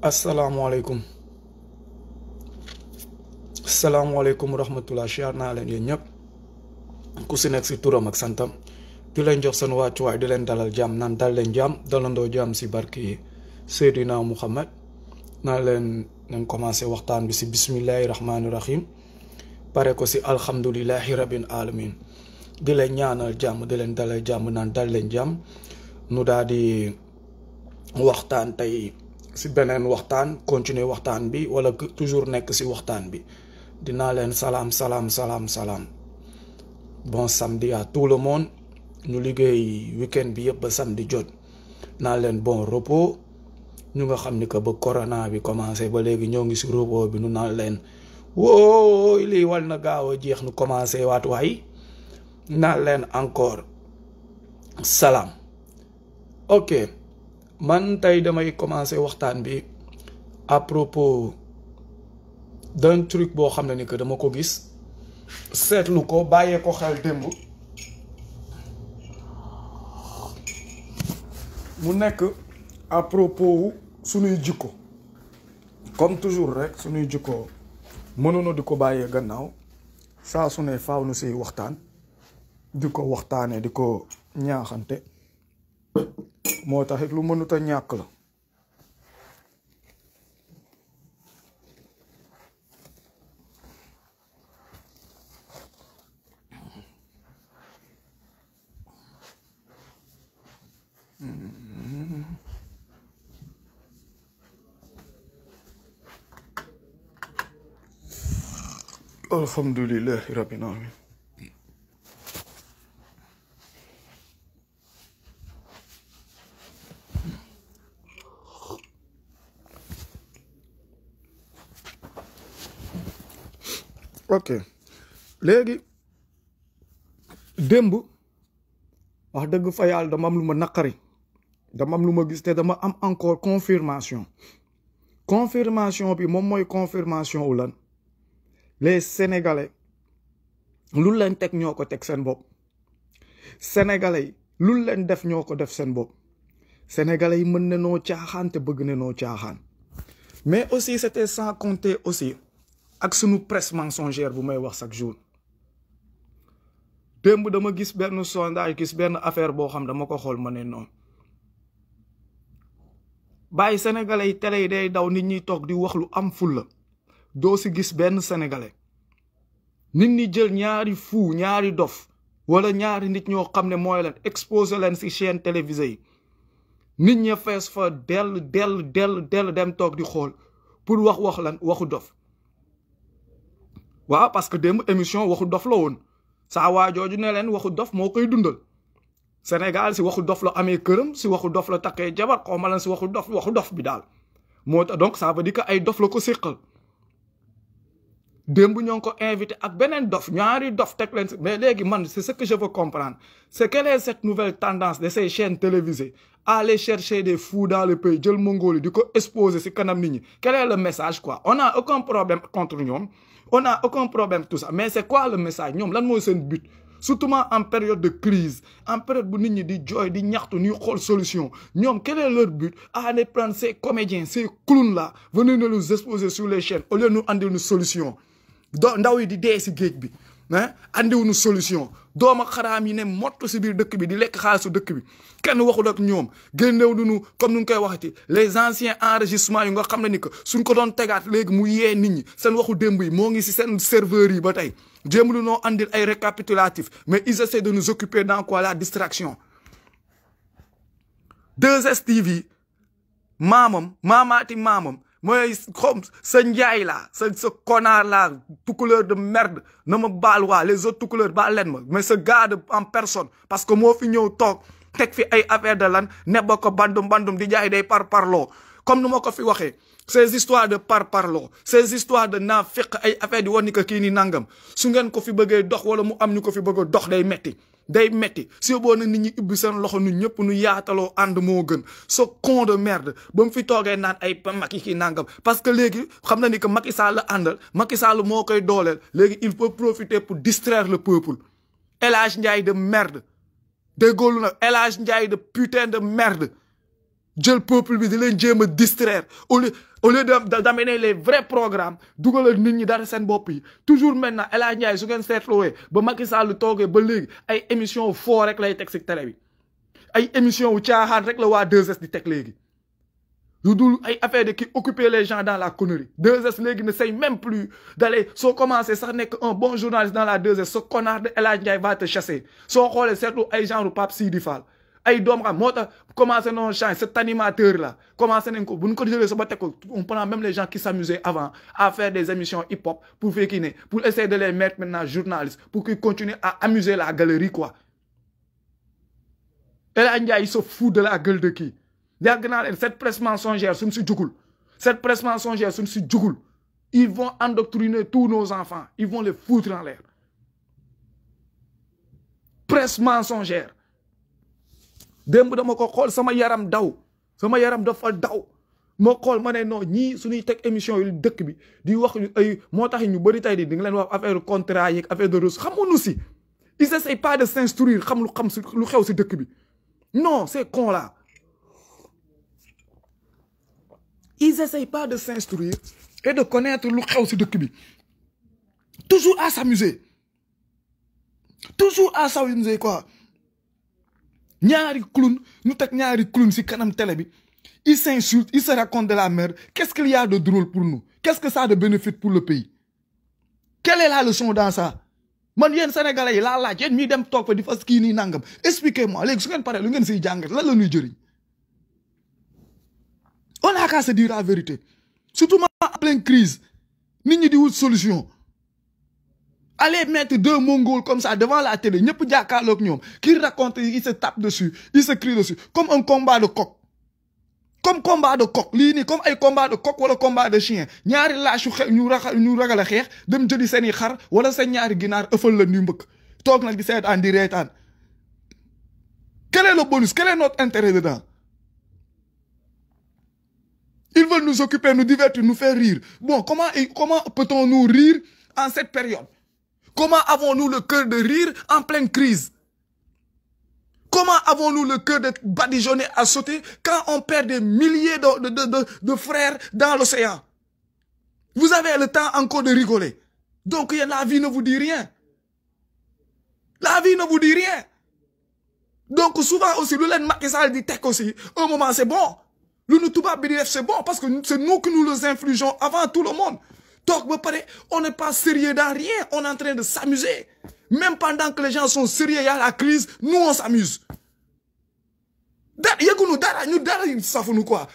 Assalamualaikum, assalamualaikum warahmatullahi wabarakatuh. na len yeen ñep ku ci nek ci turam ak santam di len jox waccu way di len dalal jam nan dal jam si barki sayyidina Muhammad na len nañ commencé waxtaan bi ci bismillahi rahmaani rahim pare ko ci alhamdulillahi rabbil alamin di len ñaanal jam di len dalal jam nan dal len jam nu daal di waxtaan tay si beneen waxtaan continuer waxtaan bi wala toujours nekk si waxtaan bi dinaa leen salaam salaam salaam salaam bon samedi tout le monde ñu liggéey week bi yëpp ba samedi jot naa leen bon repo ñu nga xam ni que ba corona bi commencé ba léegi ñoo ngi si repos bi nu naa leen wooy lii wal na gaaw a jeex nu commencé waat waay naa leen encore salaam ok man tey damay commencer waxtaan bi à propos d'un boo xam ne ni que dama ko gis seetlu ko bàyyee ko xel démb mu nekk à propos wu suñuy jikko comme toujours rek suñuy jikko mënoona di ko bàyyee gannaaw saa su ne faaw nu siy waxtaan di ko waxtaanee di ko ñaaxante moo tax it lu mënut a ñàkk la alhamdulillahi rabbil alamin ok léegi démb wax dëgg fa yàlla dama am lu ma naqari dama am lu ma gis te dama am encore confirmation confirmation bi moom mooy confirmation wu lan les sénégalais lu leen teg ñoo ko teg seen bopp sénégalais yi lu leen def ñoo ko def seen bopp sénégale yi mën na noo caaxaan te bëgg na noo caaxaan mais aussi c'était sans compter aussi ak sunu presse mensongère bu may wax chaque jour démb dama gis benn sondage gis benn affaire boo xam dama ko xool ma ne noonu bàyyi sénégalais yi télé yi day daw nit ñi toog di wax lu am la doo si gis benn sénégalais nit ñi jël ñaari fou ñaari dof walla ñaari nit ñoo xam ne mooy leen exposé leen si chaîne télévisée yi nit ña fees fa dell dell dell dem toog di xool pour wax wax lan waxu dof waaw parce que démb émission waxu dof la won saa waa jooju ne leen waxu dof mo koy dundal Sénégal si waxu dof la amé këram si waxu dof la takkee jabar xaw ma si waxu dof waxu dof bi dal moo donc ça veut dire que ay dof la ko sékkal demb ñoo ngi ko invité ak benen dof ñaari dof tek len mais légui man c'est ce que je veux comprendre c'est quelle est cette nouvelle tendance de ces chaînes télévisées aller chercher des fous dans le pays jël Mongolie diko exposer si kanam nit ñi quel est le message quoi on a aucun problème contre ñom on n'a aucun problème tout ça mais c'est quoi le message ñoom lan mooy seen but surtout en période de crise en période où nit ñi di nous di ñaxtu ñuy xool solution quel est leur but aller prendre ces comédiens ces clowns là venir nous exposer sur les chaînes au lieu de nous donner une solution ndaw yi di dee si on hein? une solution dooma xaraam yi ne Nous ci bir dëkk bi di lek xaalisu dëkk bi kenn waxul ak ñoom génnew duñu comme ñu koy waxati les anciens enregistrements yu nga xam ne ni que suñ ko doon mu Nous nit ñi waxu yi mo ngi yi récapitulatif mais ils essaient de nous occuper dans quoi la distraction 2STV Mamam, mooy xom sa njaay laa sa sa connard laa tukkuleur de merde na ma baal waa les autres tukkuleur baal leen ma mais sa gars de en personne parce que moo fi ñëw toog teg fi ay affaire de lan ne ba ko bandum bandum di jaay day par parloo comme nu ma ko fi waxee ces histoires de par parloo ces histoires de naa fekk ay affaire di wan ni kii ni nangam su ngeen ko fi bëggee dox wala mu am ñu ko fi bëgg a dox day metti day metti si boo na nit ñi ubbi seen loxo nu ñëpp nu yaataloo ànd moo gën sa con de merde ba mu fi toogee naan ay Macky kii nangam parce que léegi xam na ni que Macky Sall àndal Macky Sall moo koy dooleel léegi il faut profiter pour distraire le peuple El Hadj Ndiaye de merde déggoolu na El Hadj Ndiaye de putain de merde jël peuple bi di leen jéem a distraire au au lieu d'amener les vrais programmes dugalal nit ñi dara seen bopp yi toujours maintenant El Hadj Ndiaye su ngeen seetlooee ba Macky Sall toogee ba léegi ay émission foo rek lay teg si télé bi ay émission wu rek la waa 2S di teg léegi lu dul ay affaire de qui occuper les gens dans la connerie 2S léegi ne sait même plus d'aller soo commencer, sax nekk un bon journaliste dans la 2S ce connard de El Ndiaye va te chasser soo xoolee seetlu ay genre Pape Sidi ay doom xam non change cet animateur là commencez nañ ko bu ko on prend même les gens qui s'amusaient avant à faire des émissions hip hop pour pour essayer de les mettre maintenant journalistes pour qu'ils continuent à amuser la galerie quoi Et là ils se foutent de la gueule de qui cette presse mensongère suñ si cette presse mensongère ils vont endoctriner tous nos enfants ils vont les foutre en l'air presse mensongère demb dama ko xol sama daw sama yaram daw Je non émission yu dëkk bi di wax ay ñu di de ils pas de s'instruire xam lu xam non ces cons là ils essayent pas de s'instruire et de connaître lu xew si toujours à s'amuser toujours à s'amuser quoi ñaari clown ñu teg ñaari clown si kanam télé bi ils s'insultent ils se racontent de la merde qu'est-ce qu'il y a de drôle pour nous qu'est-ce que ça a de bénéfice pour le pays quelle est la leçon dans ça man yéen sénégalais yi la laaj yéen dem tok fa di fas kii nii nangam expliquez-moi léegi su ngeen paree lu ngeen sey jàngat la la ñuy jëriñ on a qu'à se dire la vérité surtout en pleine crise nit ñi di wut solution allez mettre deux Mongols comme ça devant la télé, qui raconte, ils se tapent dessus, ils se crient dessus, comme un combat de coq. Comme combat de coq, comme un combat de coq ou le combat de chien. Ñaari sont seni en direct Quel est le bonus? Quel est notre intérêt dedans? Ils veulent nous occuper, nous divertir, nous faire rire. Bon, comment, comment peut-on nous rire en cette période? Comment avons-nous le cœur de rire en pleine crise Comment avons-nous le cœur d'être badigeonné à sauter quand on perd des milliers de, frères dans l'océan Vous avez le temps encore de rigoler. Donc la vie ne vous dit rien. La vie ne vous dit rien. Donc souvent aussi, le laine Makesal dit tech aussi. Un moment, c'est bon. Le Noutouba BDF, c'est bon parce que c'est nous que nous les infligeons avant tout le monde. Donc, on n'est pas sérieux dans rien on est en train de s'amuser même pendant que les gens sont sérieux y a la crise nous on s'amuse dara dara quoi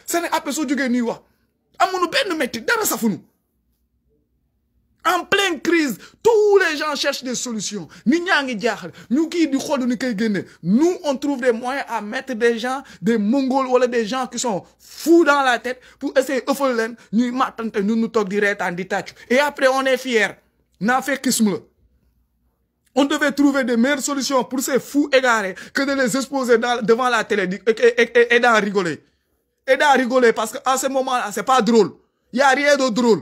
en pleine crise tous les gens cherchent des solutions nous on trouve des moyens à mettre des gens des mongols wala des gens qui sont fous dans la tête pour essayer de Nous, ñuy nous nous ñu toog di en di et après on est fier on devait trouver des meilleures solutions pour ces fous égarés que de les exposer devant la télé et et et d'en rigoler et d'en rigoler parce qu'à ce moment là c'est pas drôle Il y a rien de drôle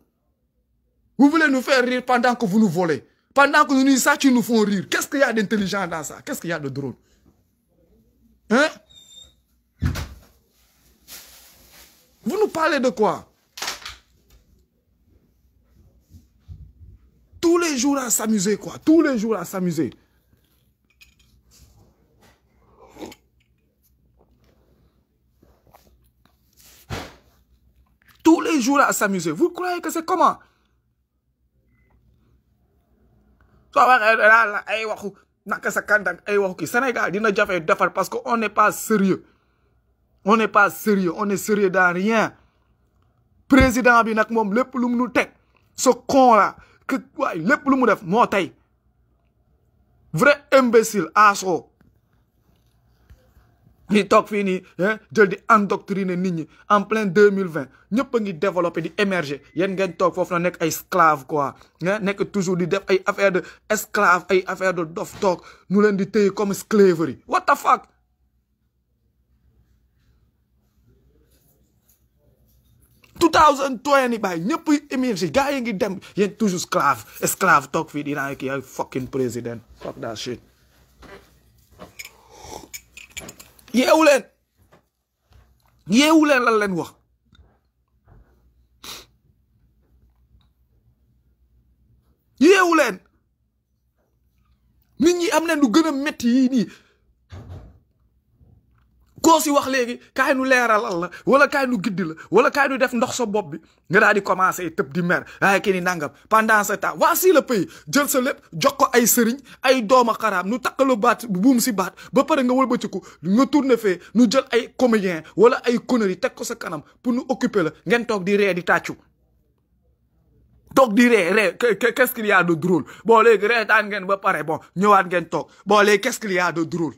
Vous voulez nous faire rire pendant que vous nous volez. Pendant que nous nous ça, nous font rire. Qu'est-ce qu'il y a d'intelligent dans ça Qu'est-ce qu'il y a de drôle Hein Vous nous parlez de quoi Tous les jours à s'amuser, quoi. Tous les jours à s'amuser. Tous les jours à s'amuser. Vous croyez que c'est comment soo waxee daal ay waxu naka sa ay waxu kii Sénégal dina jafe defar parce que on n'est pas sérieux on n'est pas sérieux on est sérieux dans rien président bi nak mom lepp lu mu nu ce con là que quoi, lépp lu mu def mo tay. vrai imbécile aso ñuy toog fii nii jël di endoctriner nit ñi en plein deux mille vingt ñëpp a ngi développé di émerger yéen ngeen foofu na nekk ay esclave quoi nekk toujours di def ay affaire de esclave ay affaire de dof toog ñu leen di téye comme slavery what the fuck two thousand twenty baay ñëpp émerger gars yi ngi dem yéen toujours esclave esclave toog fii dinaa kii ay fucking président fuck that shit yeewu leen yeewu leen lan leen wax yeewu leen nit ñi am leen lu gën metti yii nii koo si wax léegi kaay nu leeralal la wala kaay nu giddi la wala kaay nu def ndox sa bopp bi nga daal di commencé tëb di mer waaye kii nangam pendant ce temps voici le pays jël sa lépp jox ko ay sëriñ ay dooma xaraam nu takk la baat buum si baat ba pare nga wal wëlbatiku nga tourné fee nu jël ay comédien wala ay conneries teg ko sa kanam pour nu occuper la ngeen toog di ree di tàccu toog di ree ree qu'est-ce qu'il y a de drôle ngeen ba pare bon ñëwaat ngeen toog bon léegi qu'est-ce qu'il y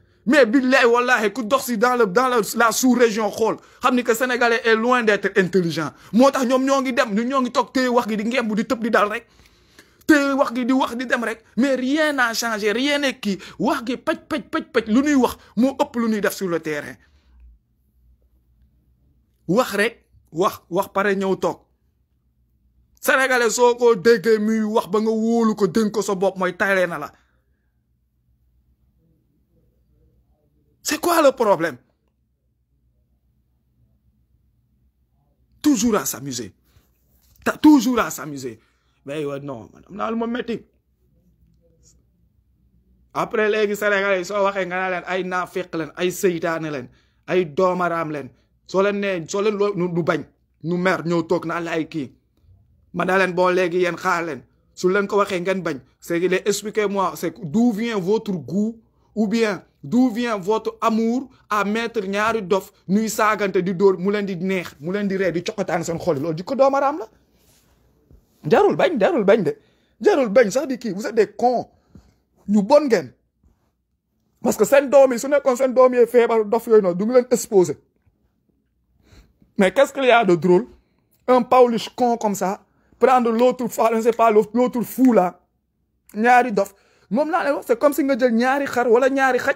mais billahi wallahi ku dox si dans le dans la sous-région xool xam ni que sénégalais est loin d'être intelligent moo tax ñoom ñoo ngi dem ñun ñoo ngi toog téye wax gi di ngemb di tëb di dal rek téye wax gi di wax di dem rek mais rien n'a changé rien n'est kii wax gi paj paj paj paj lu ñuy wax moo ëpp lu ñuy def sur le terrain wax rek wax wax pare ñëw toog sénégalais soo ko déggee muy wax ba nga wóolu ko dénk ko sa bopp mooy taylee na la C'est quoi le problème Toujours à s'amuser. Toujours à s'amuser. Mais non, madame, après léegi Sénégal Après les waxee ils sont là, ils sont là, ay sont là, ay sont là, ils sont là, ils sont là, ils sont là, ils sont là, ils la là, ils sont là, ils bon là, ils su sont ko ils sont c'est expliquez-moi c'est d'où vient votre goût ou bien d'où vient votre amour à mettre ñaari dof nuy saagante di moulin mu leen di neex mu leen di ree di cokotaan seen xol loolu di ko doomaraam la jarul bañ jarul bañ de jarul bañ sax di ki vous êtes des cons ñu bon ngeen parce que sen un su n'est seen doom yi fait dof yoy noonu du ngi leen exposé mais qu'est-ce qu'il y a de drôle un paulish con comme ça prendre l'autre je ne sais pas l'autre fou là ñaari dof mom la c'est comme si nga jël ñaari xar wala ñaari xaj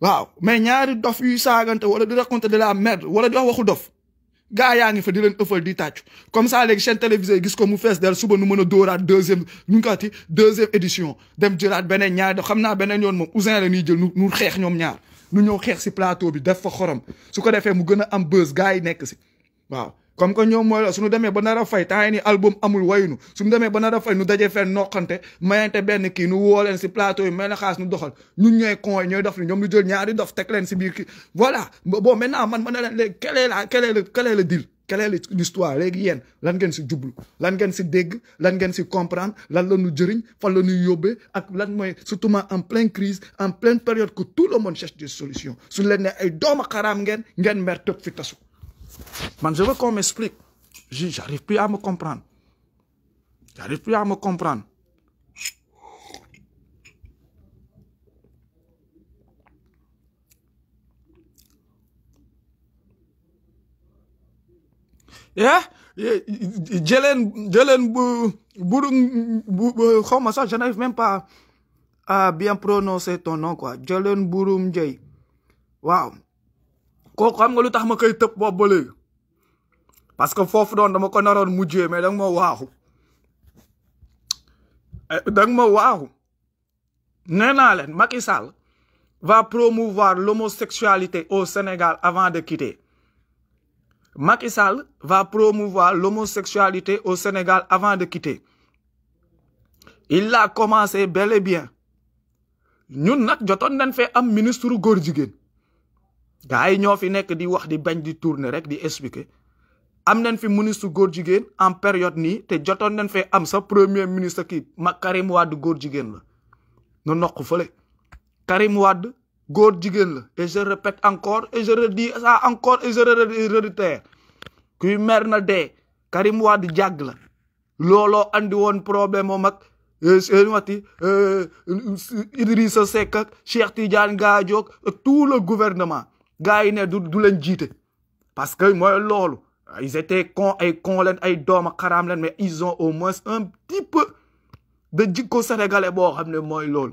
waaw mais ñaari dof wala di raconter de la merde wala di wax waxu dof fa di di comme ça les chaîne télévisée ko mu del nu deuxième nu deuxième édition dem jëlaat beneen ñaari dof xam naa yoon moom la ñuy jël nu nu xeex ñaar nu ñëw xeex plateau bi mu am buzz yi nekk comme que ñoom mooy la suñu demee ba nar a fay temps yi nii album amul wayunu suñu demee ba nar a fay nu dajee fenn noqante mayante benn kii nu woo leen si plateau yi may na xaas nu doxal ñun ñooy con ñooy dof ni ñoom ñu jël ñaari dof teg leen si biir kii voilà bon man ma ne leen le quel est le deal quelle l'histoire léegi yéen lan ngeen si jublu lan ngeen si dégg lan ngeen si comprendre lan la ñu jëriñ fan la ñuy yóbbee ak lan mooy surtout en pleine crise en pleine période que tout le monde cherche des solutions su ay doomu xaraam ngeen ngeen mer tëb fi je veux qu'on m'explique. J'arrive plus à me comprendre. J'arrive plus à me comprendre. Yeah? Jelen, ça, je n'arrive même pas à bien prononcer ton nom, quoi. Jelen Burum Jay. Wow kooku xam nga lu tax ma koy tepp Parce que je parce que fofu don dama ko narone mujjé mais dang mo waaxu danga ma waaxu eh, néna len leen Macky Sall va promouvoir l'homosexualité au Sénégal avant de quitter Macky Sall va promouvoir l'homosexualité au Sénégal avant de quitter il a commencé bel et bien ñun nak jotoon nañ am ministre gor jigéen gars yi ñoo fi nekk di wax di bañ di tourner rek di expliquer am nañ fi ministre góor jigéen en période nii te jotoon nañ fee am sa premier ministre kii mak Karim Wade góor jigéen la nu noq fële Karim Wade góor jigéen la et encore et je redis ça encore et je réitère kuy mer na dee Karim Wade jàgg la looloo andi woon problème am ak euh, euh, wati euh, Idrissa Seck ak Cheikh Tidiane Gadio ak tout le gouvernement gars du du leen parce que moi, loolu ils étaient cons ay cons leen ay dooma xaraam mais ils ont au moins un petit peu de djiko sénégalais bo xamné moy mooy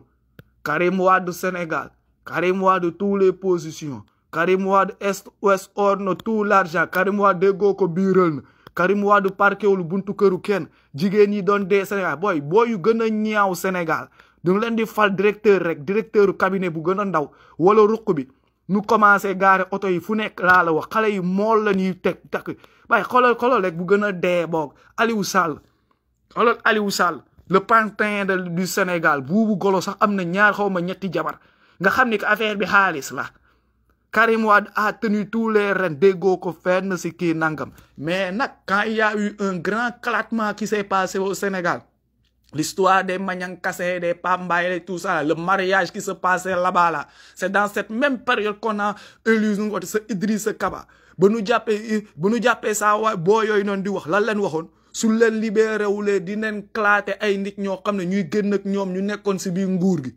Karim Wade Sénégal Karim Wade toutes les positions Karim Wade est ouest or tout l'argent Karim Wade déggoo ko biiral na Karim Wade wul buntu keuru ken jigen yi doon dee Sénégal booy booy yu ñaaw Sénégal dañu leen di fal directeur rek directeur cabinet bu gëna ndaw wala ruq bi nu commencé gaare oto yi fu nekk laa la wax xale yi mool la ñuy teg takk waaye xoolal xoolal rek bu gën a dee boog Aliou Sall xoolal Aliou Sall le pantin du Sénégal buubu golo sax am na ñaar xaw ma ñetti jabar nga xam ni que affaire bi xaalis la Karim Wade a tenu tous les rênes déggoo ko fenn si kii nangam mais nag quand il y un grand éclatement qui s'est passé au Sénégal L'histoire des Magnankassé, des Pambaye, tout ça, le mariage qui se passait là-bas, là, c'est dans cette même période qu'on a élu ce Idriss Kaba. ba nu jàppee ba nu jàppee saa waay boo yooyu noonu di wax lan leen waxoon su leen libéré wulee di neen claté ay nit ñoo xam ne ñuy génn ak ñoom ñu nekkoon si biir nguur gi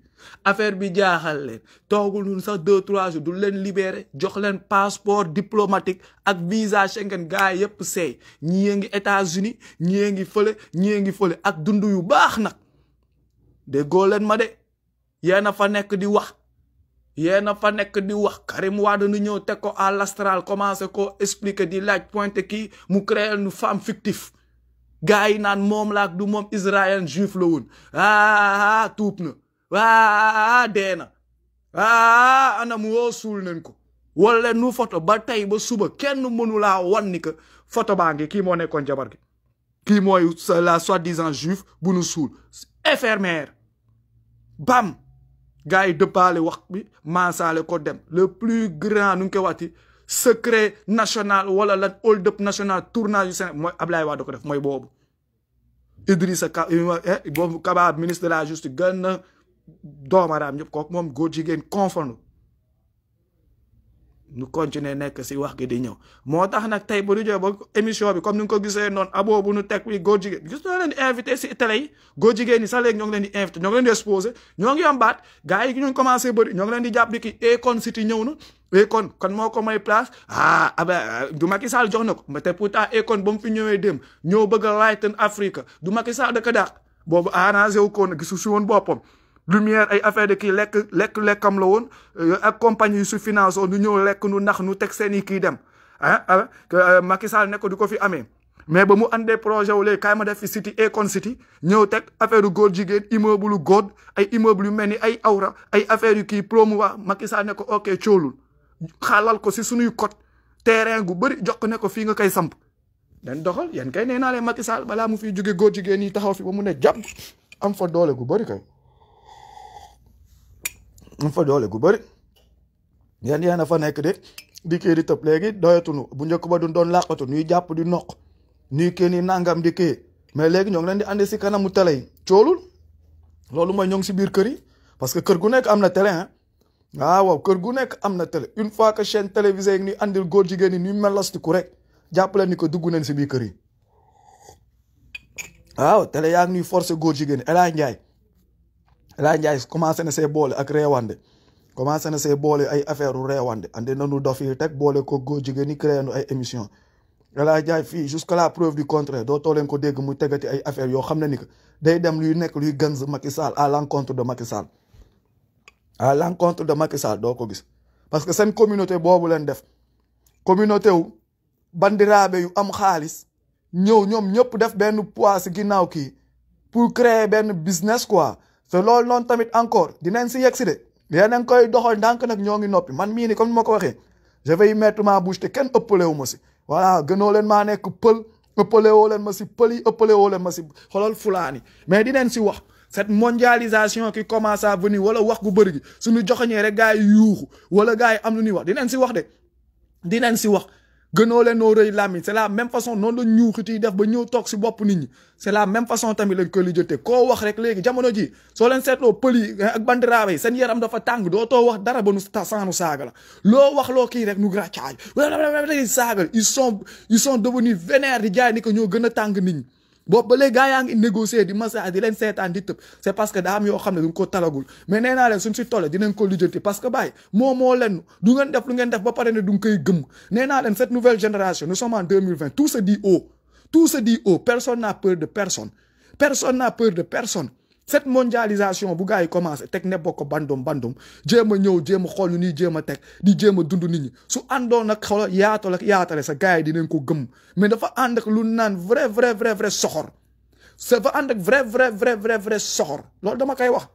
affaire bi jaaxal leen toogul ñun sax deux trois du leen libéré jox leen passeport diplomatique ak visa Schengen gars yépp seey ñii ngi États-Unis ñii ngi fële ñii ngi fële ak dund yu baax nag déggoo leen ma de yéen a fa nekk di wax yéen a fa nekk di wax Karim Wade nu ñëw teg ko à l'astral commencé ko expliquer di laaj pointe kii mu créer nu femme fictive gars yi naan moom laak du moom israélien juif la woon ah ah, ah waa dee na waa anam woo suul nañ ko wala nu photo ba tey ba suba kenn mënulaa wan ni que photo baa ngi kii moo nekkoon jabar gi kii mooy la soi-disant juif bu nu suul infermaire bam gars yi dëppaale wax bi maasaale ko dem le plus grand nu ngi koy waxti secret national wala la hold up national tournage yu Sénégal mooy Ablaye Wade ko def mooy boobu Idrissa Ka eh, boobu Kaba ministre de la justice gën na doomaraam ñëpp kooku moom góor jigéen confondu ñu continuer nekk si wax gi di ñëw moo tax nag tey bu ñu joxe ba émission bi comme ni nga ko gisee noonu abo bu ñu teg bi góor jigéen gis ñoo leen di invité si télé ñi sax léegi ñoo leen di invité ñoo ngi leen ñoo ngi yombaat gars yi commencé bëri ñoo ngi leen di jàpp di ki Akon na Akon kon moo ko may place ah ab ah, ah, du Macky Sall jox na ko mais te pourtant Akon ba mu fi ñëwee dem ñëw bëgg a lighten Africa du Macky Sall da ko boobu arrangé wu ko woon gisu si woon boppam lumière ay affaire de kii lekk lekk lekkam la woon euh, ak compagnie su finance woon ñu ñëw lekk nu nax nu teg seen i kii dem ah, ah euh, Macky Sall ne ko du ko fi amee mais ba mu andee projet wu le kaay ma def fi city Akon City ñëw teg affaire yu góor jigéen immeuble yu góor ay immeuble yu mel ni ay awra ay affaire yu kii promouvoir Macky Sall ne ko ok coolul xaalal ko si suñuy côte terrain gu bëri jox ne ko fii nga koy samp dañ doxal yéen kay nee naa leen Macky Sall balaa mu fiy jóge góor jigéen yi taxaw fi ba mu ne jàpp doole gu bëri kay fa doole gu bari yeen yeena fa nek de di ke di legi doyatu nu bu ñeeku ba du doon laqatu ñuy japp di nok ñuy ke ni nangam di ke mais legi ñong leen di andi ci kanamu tele ciolul lolu moy ñong ci si biir kër yi parce que keur gu nek amna tele hein ah waaw keur gu nek amna tele une fois que chaîne télévisée ni andil góor ni ñi ñuy ku rek japp leen ni ko duggu nañ si biir kër yi ah, waaw tele yaa ngi ñuy forcer goor ela ndjay Elaaj Ndiaye commencé na see bol ak réwandé commencé na see bolé ay affaire réwandé andé nañu nanu dof yi teg ko go jigéen ñi créé ay émission la Ndiaye fi jusqu'à la preuve du contraire do tolen ko dégg mu tegati ay affaire yo xam ne ni day dem luy nek luy gënz Macky Sall à l'encontre de Macky Sall à l'encontre de Macky Sall do ko gis parce que sen communauté bobu len def communauté wu bandirabe yu am khalis ñew ñom ñëpp def ben poids ginnaw ki pour créer ben business quoi te loolu noonu tamit encore dinañ si yegg si de yéen a ngi koy doxal ndànk nag ñoo ngi noppi man mii nii comme ni ma ko waxee je vais y mettre ma bouche te kenn ëppale wu ma si voilà gënoo leen maa nekk pël woo leen ma si pël yi ëppale woo leen ma si xoolal fulaani mais dinañ si wax. cette mondialisation ki commence à venir wala wax gu bëri gi suñu joxoñee rek gars yi yuuxu wala gars yi am lu ñuy wax dinañ si wax de dinañ si wax. gën leen noo rëy làmmiñ c'est la même façon noonu la ñuuxit yi def ba ñëw toog si bopp nit ñi c'est la même façon tamit lañ ko lijjatee koo wax rek léegi jamono ji soo leen seetloo pël yi ak bandiraabe yi seen yaram dafa tàng doo too wax dara ba nu saanu saaga la loo wax loo kii rek nu graccaaj saaga ils sont ils sont devenus vénères di jaay ni que ñoo gën a tàng nit ñi boobu ba léegi gars yaa ngi négocier di massa di leen seetaan di tëb c'est parce que daa am yoo xam ne duñ ko talagul mais nee naa leen suñ si tolle dinañ ko lijjanti parce que bàyyi moo moo leen du ngeen def lu ba pare ne duñ koy gëm nee naa leen cette nouvelle génération nous sommes en 2020 tout se dit haut tout de personne personne n'a peur de personne cette mondialisation bu gars yi commencé teg ne bokk bandum bandum jéem a ñëw jéem a xool ñu nii jéem a teg di jéem a dund nit ñi su àndoon ak xool yaatal ak yaatale sa gars yi dinañ ko gëm mais dafa ànd ak lu naan vrai vrai vrai vrai soxor dafa ànd ak vrai vrai vrai vrai vrai soxor loolu dama koy wax.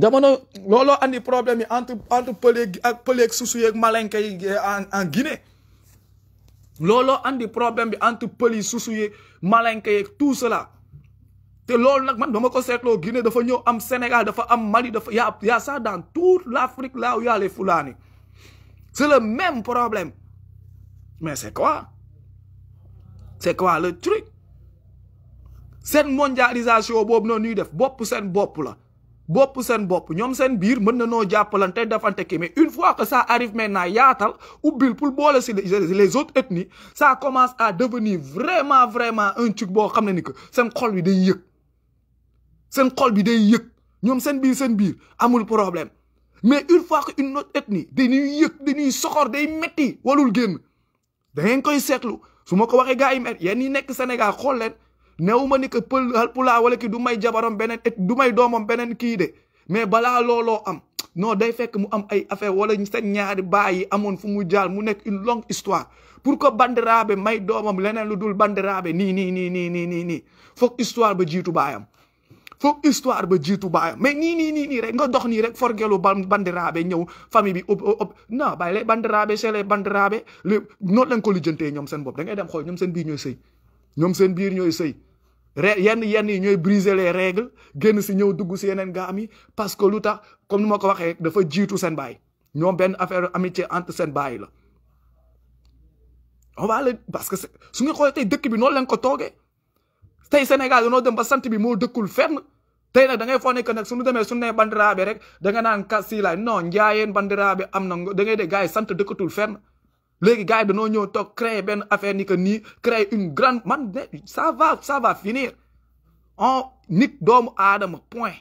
jamono looloo andi problème yi entre ak Pelé ak yeeg Malenka yi eh, en en Guinée looloo andi problème bi entre Pelé Soussou yeeg Malenka yeeg tout cela. te lol nak man dama ko seetloo Guinée dafa ñeu am Sénégal dafa am Mali dafa ya ya ça dans toute l'Afrique là où y' les Fulani C'est le même problème mais c'est quoi C'est quoi le truc seen mondialisation boobu non ñuy def bop sen bop la Bop sen bop ñom sen bir mën na no jappalante defante kii mais une fois que ça arrive maintenant yaatal oubil pour boole les autres ethnies ça commence à devenir vraiment vraiment un truc bo xamné ni que sen xol bi day yëg. seen xol bi day yëk ñoom seen biir seen biir amul problème mais une fois que une autre ethnie yëk yëg dañuy soxor day metti walul génn da ngeen koy seetlu su ma ko waxee gars yi mer yéen ñi nekk Sénégal xool leen néew ma ni que pël Haalpulaar wala kii du may jabarom beneen et du may doomam beneen kii de mais balaa looloo am non day fekk mu am ay affaire wala seen ñaari baay yi amoon fu mu jaal mu nekk une longue histoire pour que bandiraabe may doomam leneen lu dul bandiraabe nii nii nii nii nii nii nii foog histoire ba jiitu baayam foog histoire ba jiitu baayam mais nii nii nii rek nga dox nii rek forgelu bandiraabe ñëw famille bi ob ob non bàyyi lay bandiraabe c'est les bandiraabe le noonu lañ ko lijjantee ñoom seen bopp da ngay dem xool ñoom seen biir ñooy sëy ñoom seen biir ñooy sëy yenn yenn yi ñooy briser les règles génn si ñëw dugg si yeneen gaam yi parce que lu tax comme ni ma ko waxee dafa jiitu seen baay ñoom benn affaire amitié entre seen baay la on va le parce que su nga xoolee tey dëkk bi noonu lañ ko toogee tey Sénégal dañoo dem ba sant bi moo dëkkul fenn tey nag da ngay foog ne nag suñu demee suñu nee bandiraabe rek da nga naan ka si noo non njaayeen bandiraabe am na da ngay de gars yi sant dëkkatul fenn léegi gars yi dañoo ñëw toog créer benn affaire ni que nii créer une grande man de ça va ça va finir on nit doomu aadama point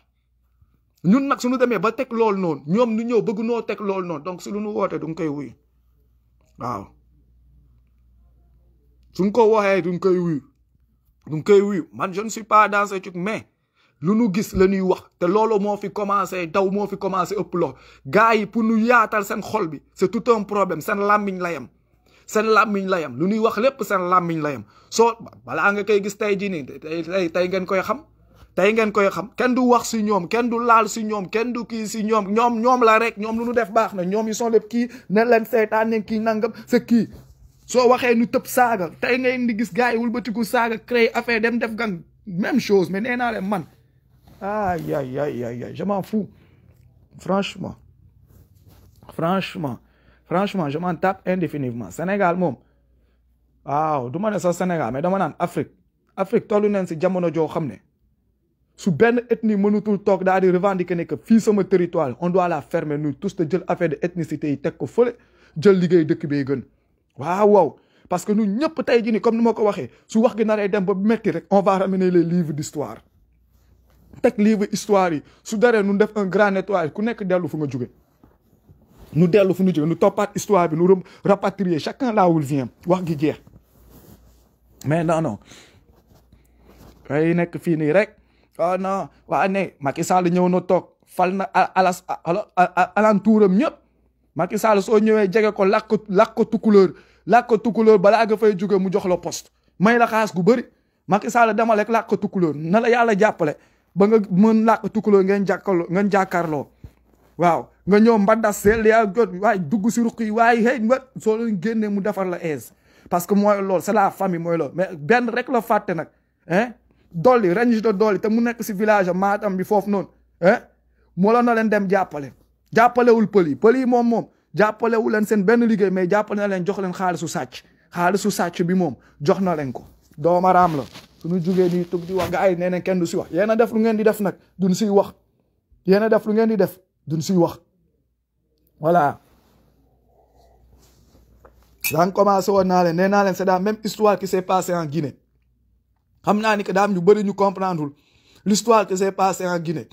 ñun nag suñu demee ba teg loolu noonu ñoom ñu ñëw bëgg noo teg lool noonu donc si woote du koy wuyu waaw suñ ko waxee duñ koy wuyu donc koy wuyu man je ne suis pas dans ce truc mais lu nu gis la ñuy wax te looloo moo fi commencé daw moo fi commencé ëpp loxo gars yi pour nu yaatal seen xol bi c'est tout un problème seen làmmiñ la yem seen làmmiñ la yem lu ñuy wax lépp seen làmmiñ la yem soo balaa nga koy gis tey jii nii tey tey ngeen koy xam tey ngeen koy xam kenn du wax si ñoom kenn du laal si ñoom kenn du kii si ñoom ñoom ñoom la rek ñoom lu nu def baax na ñoom ils sont lépp kii ne leen seetaan ne kii nangam c'est kii soo waxee nu tëb saaga tey ngay indi gis gars yi wëlbatiku saaga créé affaire dem def gang même chose mais nee naa man aïe aïe fu franchement franchement franchement je m'en tape Sénégal moom waaw du ma ne sax Sénégal mais dama naan Afrique Afrique tollu nañ si jamono joo xam ne su benn ethnie mënutul toog daal di revendiquer ne que fii sama territoire on doit la fermer nous tous te jël affaire de ethnicité yi teg ko fële jël liggéey dëkk bee gën Wow, parce que nous, ñëpp nous, nous, comme nous ma nous, on va ramener les livres d'histoire Les livre histoire nous su nous un grand nettoyage Nous nous fu nous Nous nous nous Nous histoire nous rapatrier chacun là où il vient wax gi mais non non oh, non nous ne Macky saalo soo ñëwee jege ko làkk làkk ko tukulóor làkk ko tukulóor jóge mu jox la poste may la xaas gu bëri Macky Sall demal rek làkk ko na la yàlla jàppale ba nga mën làkk tukulóor ngeen jàkkaarloo ngeen jàkkaarloo waaw nga ñëw mbaddas seel yaa jot waaye dugg si ruq yi waaye hey nga soo leen génnee mu defar la aise parce que mooy lool c'est la famille mooy loolu mais benn rek la fàtte nag hein dolli range de dolli te mu nekk si village a maatam bi foofu noonu hein moo la na leen dem jàppale jàppalewul pël poli, poli mom moom moom jàppalewu leen seen benn liggéey mais jàppale na leen jox len xaalisu sàcc xaalisu sàcc bi mom jox na len ko ram la suñu jugge ni tuk di wax gaay neena siwa. kenn du ci wax yena def lu ngeen di def nak duñ ci wax yena def lu ngeen di def duñ ci wax voilà dan commencé nalen naa leen nee naa leen c'est la même histoire qui s'est passé en Guinée xamna ni que daam ñu bari ñu l'histoire qui s'est passé en Guinée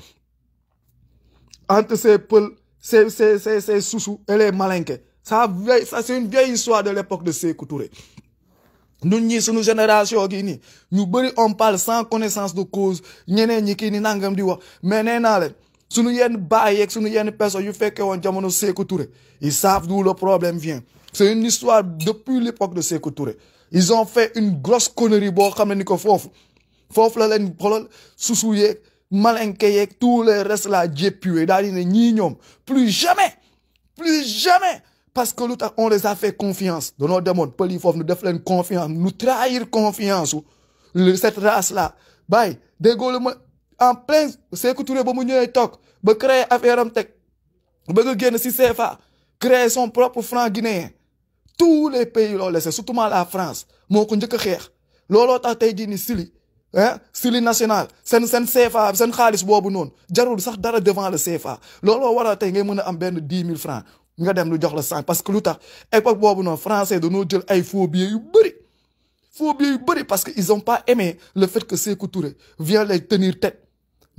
entre ces peuples c'est Soussou elle est Malinké. Ça, ça c'est une vieille histoire de l'époque de Sékou Touré. Nous, dans une génération qui ni parle sans connaissance de cause ñeneen ñi ni nangam di wax mais nee naa leen sunu yenn baay yeeg sunu yenn personnes yu fekkee woon jamono Sékou Touré ils savent d'où le problème vient c'est une histoire depuis l'époque de Sékou Touré ils ont fait une grosse connerie Ils ont fait une ko connerie. la malinke tous tout le reste là j'ai pu ni ne les plus jamais plus jamais parce que nous, on les a fait confiance Dans demoon pël yi nous nous confiance Nous trahir confiance cette race là bàyyi déggoo en plein c'est que ba mu ñëwee tok ba créer affaire tek Tech. de a génn créer son propre franc guinéen tous les pays l'ont laissé surtout la France Mon ko njëkk a xeex looloo tax c'est eh, le national sen sen CFA sen xaliss bobu non jarul sax dara devant le CFA lolo wara tay ngay meuna am ben 10000 francs nga dem lu jox le sang parce que lutax époque bobu non français de nous jël ay phobie yu bari phobie yu bari parce qu'ils n'ont pas aimé le fait que c'est couturé. vient les tenir tête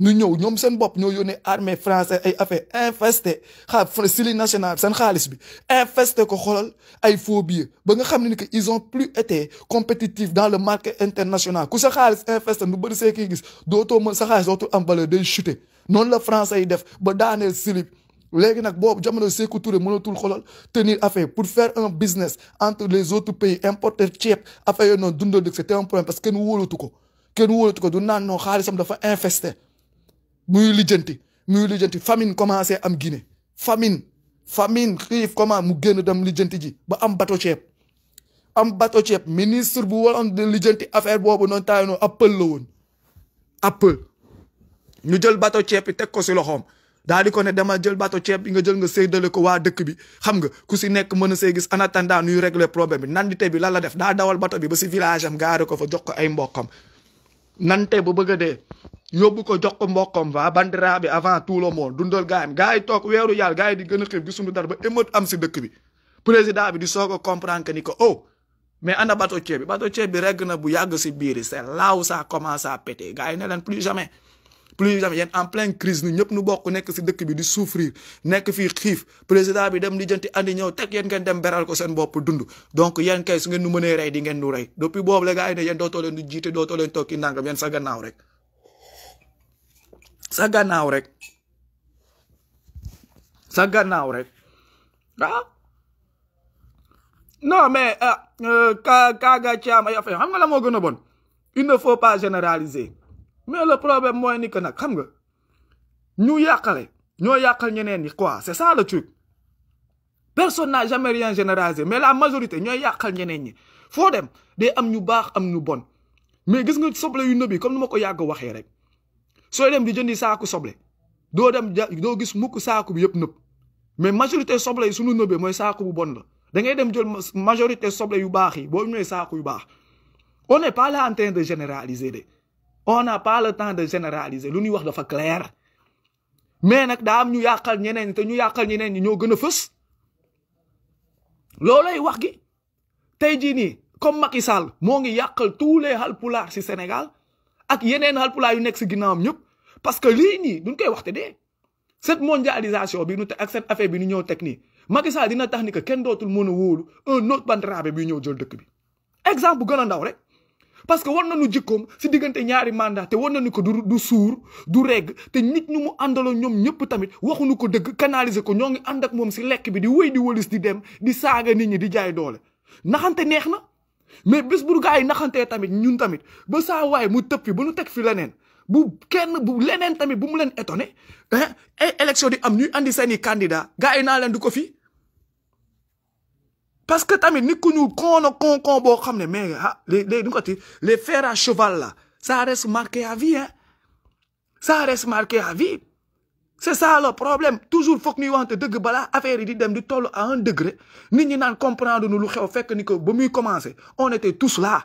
ñu ñëw ñom seen bop ñoo yónnee armée français ay affaire infesté xaar sili national seen xaliss bi infesté ko xolal ay phobie ba nga xamni que ils ont plus été compétitifs dans le marché international ku sa xaliss infesté nu bëri sé ki gis dootoo mën sa xaalis dootul am valeur day chuter non la français ay def ba daaneel silib léegi nag boobu jamono Sékou Touré mëna tul xolal tenir affaire pour faire un business entre les autres pays importer ceeb affaire non noonu dundal dëkk c'était un problème parce que kenn wóolatu ko kenn wóolatu ko du naan non xaalisam dafa infesté muy lijjanti muy lijjanti famine commencé am Guinée famine famine xiif comment mu génn dem lijjanti ji ba am bato ceeb am bato ceeb ministre bu waroon di lijjanti affaire boobu noonu taay noonu appel la woon jël bato ceeb bi teg ko si loxoom daal di ko ne dama jël bato ceeb bi nga jël nga seddale ko waa dëkk bi xam nga ku si nekk mën na see gis en attendant ñuy régler problème bi nandite bi lan la def daa dawal bato bi ba si village am gaare ko fa jox ko ay mbokkam nante bu bëgg a yóbbu ko jox ko mbokkam waa bandiraa bi avant tout le monde dundal gaayam gars yi toog weeru yàlla gars yi di gën a xiif gisuñu dara ba émeute am si dëkk bi président bi di soog a comprendre que ni ko oh mais ana bato ceeb bi bato ceeb bu yàgg si biir c'est là sa ça commence à péter gars yi ne leen plus jamais plus jamais yéen en pleine crise ni ñëpp nu bokk nekk si dëkk bi di souffrir nekk fii xiif président bi dem di jënti andi ñëw teg yéen ngeen dem beral nu mënee rey di ngeen nu rey sa gannaaw rek sa gannaaw rek ah non mais ah euh, ka kaaga ci am ay affaire xam nga la mo gëna bon il ne faut pas généraliser mais le problème mooy ni que nag xam nga ñu yàqale ñoo yaqal ñeneen ni quoi c'est ça le truc personne n'a jamais rien généralisé mais la majorité ñooy yaqal ñeneen ni foo dem day am ñu baax am ñu bon mais gis nga soble yu nëb comme ni mako yag waxé rek. sooy dem di jëndi saaku soble doo dem doo gis mukk saaku bi yëpp nëb mais majorité soble suñu nëbbee mooy saaku bu bon la da ngay dem jël majorité soble yu baax yi boo ñëwee saaku yu baax on n'est pas là en de généraliser de on n'a pas le temps de généraliser lu ñuy wax dafa clair mais nag daa am ñu yàqal ñeneen ñi ñu yàqal ñeneen ñi ñoo gën a fës loolay wax gi tey jii nii comme Macky Sall moo ngi yàqal tous les halpulaar si Sénégal ak yeneen halpulaar yu nekk si ginnaawam ñëpp parce que lii nii duñ koy wax te dee set mondialisation bi nu te affaire bi nu ñëw teg nii Macky dina tax ni que kenn dootul mën a wóolu un autre banderaabe bi ñëw jël dëkk bi exemple gën a ndaw rek parce que war nañu jikkoom si diggante ñaari mandat te war nañu ko du suur du reg te nit ñu mu àndaloo ñoom ñëpp tamit waxuñu ko dëgg canaliser ko ñoo ngi ànd ak moom si lekk bi di wéy di wëlis di dem di saaga nit ñi di jaay doole naxante neex na mais bis bu gaa yi naxantee tamit ñun tamit ba saa mu tëb fi ba teg fi leneen bu kenn bu leneen tamit bu mu leen étonné hein, élection di am ñuy andi seeni candidat gars yi naa leen du ko fi parce que tamit nit ku ñu koon kon kon boo xam ne mais ah les les du ko ti les faire à cheval là ça reste marqué à vie hein ça reste marqué à vie c'est ça le problème toujours que ñuy wante dëgg bala affaire yi di dem di toll à un degré nit ñi naan comprendre nu lu xew fekk ni que ba muy commencé on était tous là.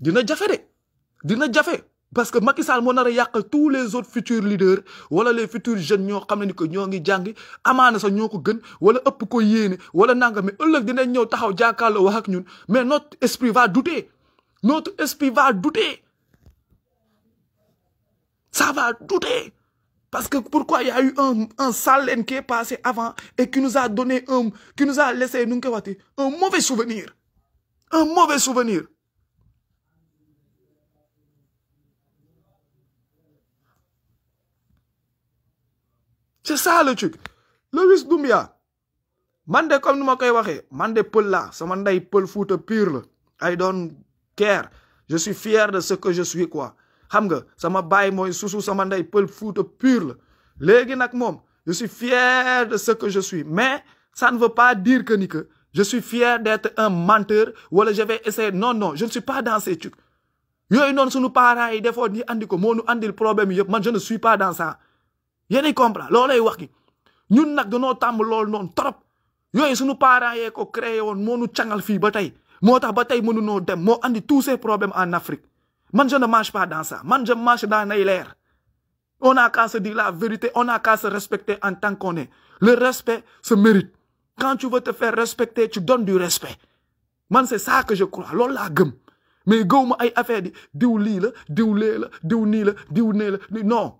dina fait, dina jafe parce que Macky Sall tous les autres futurs leaders voilà les futurs jeunes gens xam les ngi wala ko wala mais mais notre esprit va douter notre esprit va douter ça va douter parce que pourquoi il y a eu un un qui est passé avant et qui nous a donné un qui nous a laissé nous un mauvais souvenir un mauvais souvenir c'est ça le truc Lewis Doumbia man comme nous ma koy waxee peul de pël laa sama foot foot pur I don't care je suis fier de ce que je suis quoi xam nga sama baay sous susu sama ndey peul foot pur la léegi nag mom, je suis fier de ce que je suis mais ça ne veut pas dire que ni que je suis fier d'être un menteur wala je vais essayer non non je ne suis pas dans ces trucs yooyu noonu nous parents yi defoon ni andi ko moo nu le problème Yo, man je ne suis pas dans ça yéenay comprendre loolay wax gi ñun nag danoo tam loolu non. trop yooyu suñu parents yee ko créé woon moo nu cangal fii ba tey Nous tax ba tey mënunoo dem Mo andi tous ces problèmes en Afrique man je ne marche pas dans ça man je marche dans l'air leer on a qu'à se dire la vérité on a qu'à se respecter en tant qu'on est le respect se mérite quand tu veux te faire respecter tu donnes du respect man c'est ça que je crois que laa gëm mais gëw ma ay affaire di diw lii la diw lee la diw nii la diw nee la non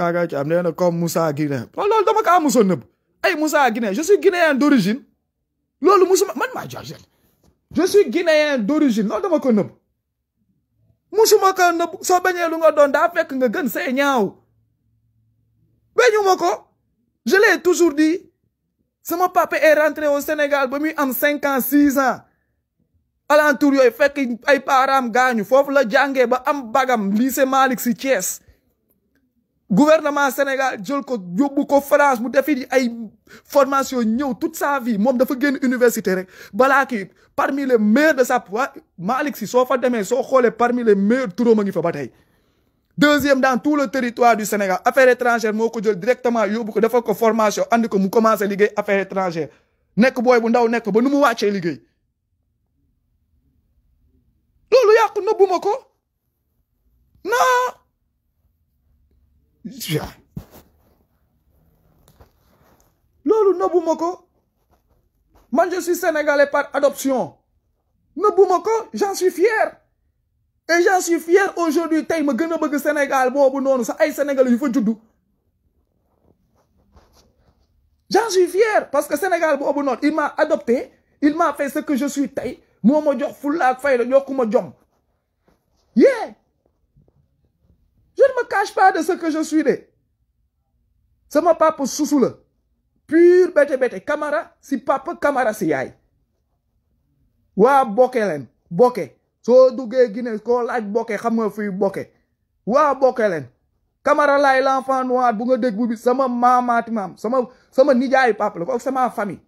Kaka Thiam na comme Moussa Guinée loolu dama a nëbb ay Moussa Guinée je loolu musuma man maa jaajëf je suis guinéen d' origine loolu dama ko nëbb musuma ko nëbb soo bañee lu nga doon daa fekk nga gën see ñaaw bañu ma ko je l'ai toujours dit sama papa est rentré au Sénégal ba mu am cinquante ans six ans alentour yooyu fekk ay param gaañu foofu la jàngee ba am bagam lycée Malick si Thiès gouvernement Sénégal jël ko yóbbu ko France mu defi ay formation ñëw toute sa vie mom dafa genn université rek parmi les meilleurs de sa waa Malick Sy so fa démé so xolé parmi les meilleurs touro a ngi fa batay deuxième dans tout le territoire du Sénégal affaires étrangères moko jël directement yóbbu ko defal ko formation and ko mu commencer liggéey affaires étrangères nek boy bu ndaw nek ba numu mu wàccee liggéey loolu yàqu nëbbu non Lolo non, Boumoko. man je suis sénégalais par adoption Non, Boumoko, j'en suis fier et j'en suis fier aujourd'hui tey ma gêne a bëgg Sénégal boobu noonu sa ay sénégalais yu fa j'en suis fier parce que Sénégal bon non, il m'a adopté il m'a fait ce que je suis tey Moi, jox fulla ak fayda jox yeah je ne me cache pas de ce que je suis né. sama papa pour la pur bete bete Camara si papa Camara si yai. Wa boke len. boke. So duggee guine ko like boke, xam nga fuy bokke Wa bokke leen Camara laay l'enfant noir bu de dégg bu bi sama maamaati m'a, sama sama nijaayu papa pape. ko sama famille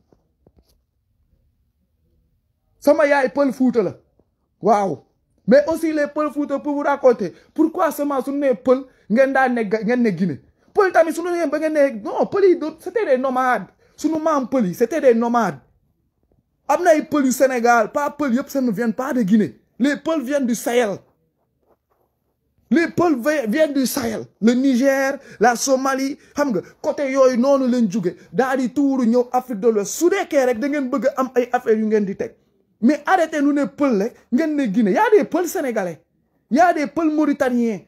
sama yaay pël fuuta la waaw mais aussi les Peuls Fouta pour vous raconter pourquoi seulement su ñu nee Peul ngeen daan Guinée Peul tamit su ñu nee ba ngeen pas non Peul c'était des nomades sunu maam Peul c'était des nomades am les ay Sénégal pas Peul yëpp ça ne viennent pas de Guinée les Peuls viennent du Sahel les Peuls viennent du Sahel le Niger la Somalie xam nga côté yoy, noonu lañ jóge daal di tuuru Afrique de l'Ouest su deekee de da ngeen bëgg am ay affaire, yu ngeen di mais arrêtez-nous les hein. Peuls, les Guinée. Il y a des peuples sénégalais, il y a des peuples mauritaniens,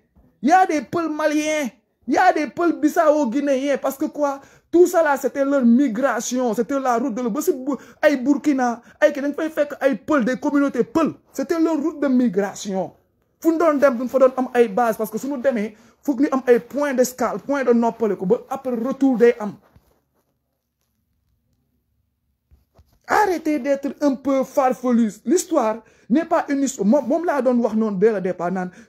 il y a des peuples maliens, il y a des peuples bissau-guinéens. Parce que quoi Tout ça là, c'était leur migration, c'était la route de l'eau. Aïe Burkina, aïe Peul, des communautés Peul. C'était leur route de migration. Il faut donner dem base. parce que si ay base parce que il faut que nous am ay point d'escale point de non ko ba après retour des hommes. Arrêtez d'être un peu farfelus L'histoire n'est pas une histoire. non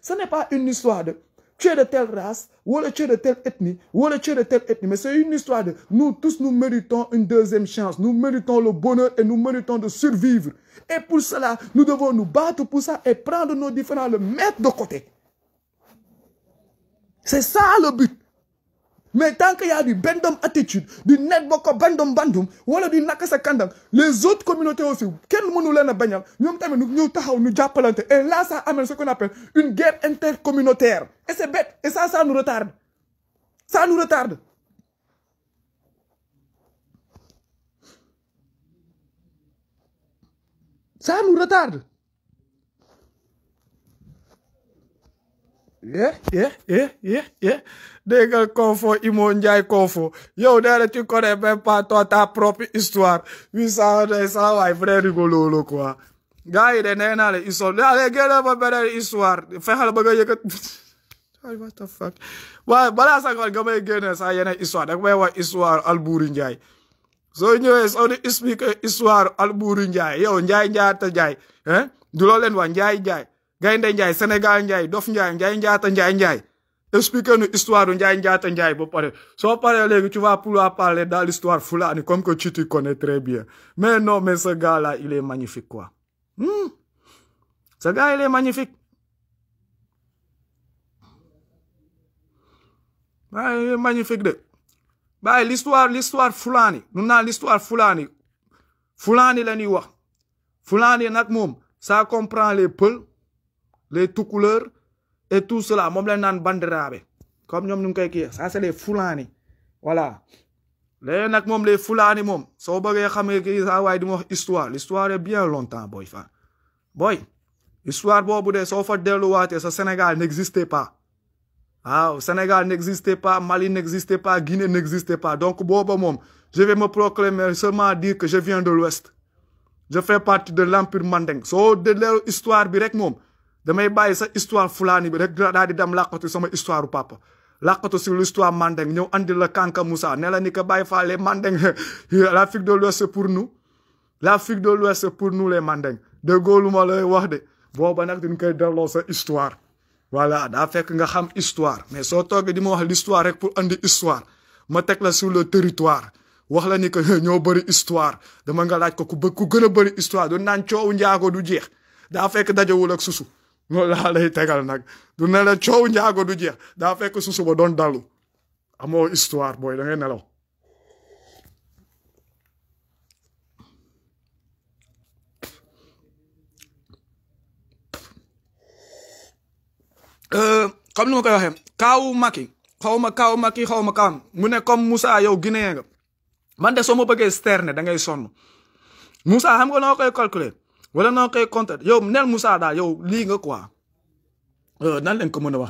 Ce n'est pas une histoire de tu es de telle race, ou tu es de telle ethnie, ou tu es de telle ethnie. Mais c'est une histoire de nous tous, nous méritons une deuxième chance. Nous méritons le bonheur et nous méritons de survivre. Et pour cela, nous devons nous battre pour ça et prendre nos différents, le mettre de côté. C'est ça le but. Mais tant qu'il y a du bendom attitude, du netboko bandom bandum, wala du nakasa kandam, les autres communautés aussi, quel monde nous l'a bagnal, nous sommes nous nous Et là, ça amène ce qu'on appelle une guerre intercommunautaire. Et c'est bête. Et ça, ça nous retarde. Ça nous retarde. Ça nous retarde. Eh, eh, eh, dégg nga Konfo Imo Ndiaye Konfo yow nee na tu connais même pas toi ta propre histoire huit cent deux cent waay vrai rigolo la quoi gars yi de nee naa la ils sont allez génne ma beneen histoire fexeel ba nga yëkkat what the fuck waaye balaa sax nga may génne sax yeneen histoire da may wax histoire Alboury Ndiaye soo ñëwee soo di expliquer histoire Alboury Ndiaye yow Ndiaye Ndiaye te Ndiaye hein du loo leen wax Ndiaye Ndiaye Gaynde Ndiaye, Sénégal Njaay Dof Ndiaye Ndiaye Ndiaye Ndiaye Ndiaye. expliquez nous histoire Ndiaye Ndiaye Ndiaye. pour parler. Si on parle, tu vas pouvoir parler dans l'histoire Fulani comme que tu te connais très bien mais non mais ce gars là il est magnifique quoi hmm? ce gars il est magnifique il est magnifique de Bah l'histoire l'histoire Fulani nous avons l'histoire Fulani Fulani la le wax Fulani nag moom ça comprend les Peuls les couleurs et tout cela moom lañ naan bandera. comme nous, ñu koy ça c'est les Fulani. voilà les nak les Fulani, moom soo bëggee xamee que ça way di histoire l'histoire est bien longtemps Boy, fan boy histoire bobu de so fa sa Sénégal n'existait pas ah Sénégal n'existait pas Mali n'existait pas Guinée n'existait pas donc booba je vais me proclamer seulement dire que je viens de l'Ouest je fais partie de l'empire Mandeng So, de l'histoire bi rek damay baye sa histoire fulani bi rek da di dam làqatu sama histoire papa làqatu sur l'histoire mandeng ñeu andi la kanka Moussa ne la ni que baye fa les mandeng l'Afrique de l'Ouest c'est pour nous l'Afrique de l'Ouest pour nous les mandeng de goluma lay wax de boba nak din koy dalo sa histoire voilà da fek nga xam histoire mais so toogee di mo wax l'histoire rek pour andi histoire ma tek la sur le territoire wax la ni ko ñoo bëri histoire dama nga laaj ko ku ku gën a histoire do naan wu ndiago du jeex da fek dajewul ak susu loolu laa lay tegal nag du ne la coow njaago du jeex daa fekk su suba doon dalu amoo histoire booy da ngay nelaw xam euh, nu ma koy waxee kaaw maki xaw ma kaawu Macky xaw ma kaam mu ne comme Moussa yow Guinéen nga man de soo ma bëggee sterne da ngay sonn Moussa xam nga noo koy calculer wala noo koy contre yow nel Moussada, daal yow lii nga quoi euh, nan leen ko mën a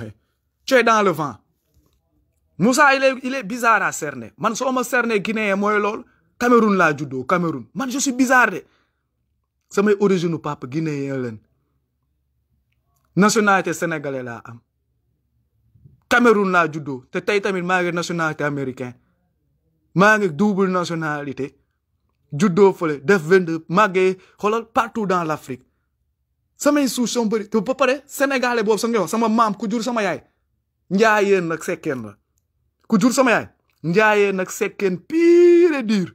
tu es dans le vent Moussa il est il est bizarre à cerner man soo ma cerner Guinée moi lol? Cameroun là judo, Cameroun man je suis bizarre C'est mes origine papa guinéen leen nationalité sénégalais là. am Cameroun là judo. te tey tamit nationalité américain maa double nationalité juddoo fële def 22 màggee xoolal partout dans la Afrique samay suuf soo bëri te ba pare sénégalais boobu sax nga sama maam ku jur sama yaay njaayeen nag sekkeen la ku jur sama yaay njaayeen nag sekkeen pire dur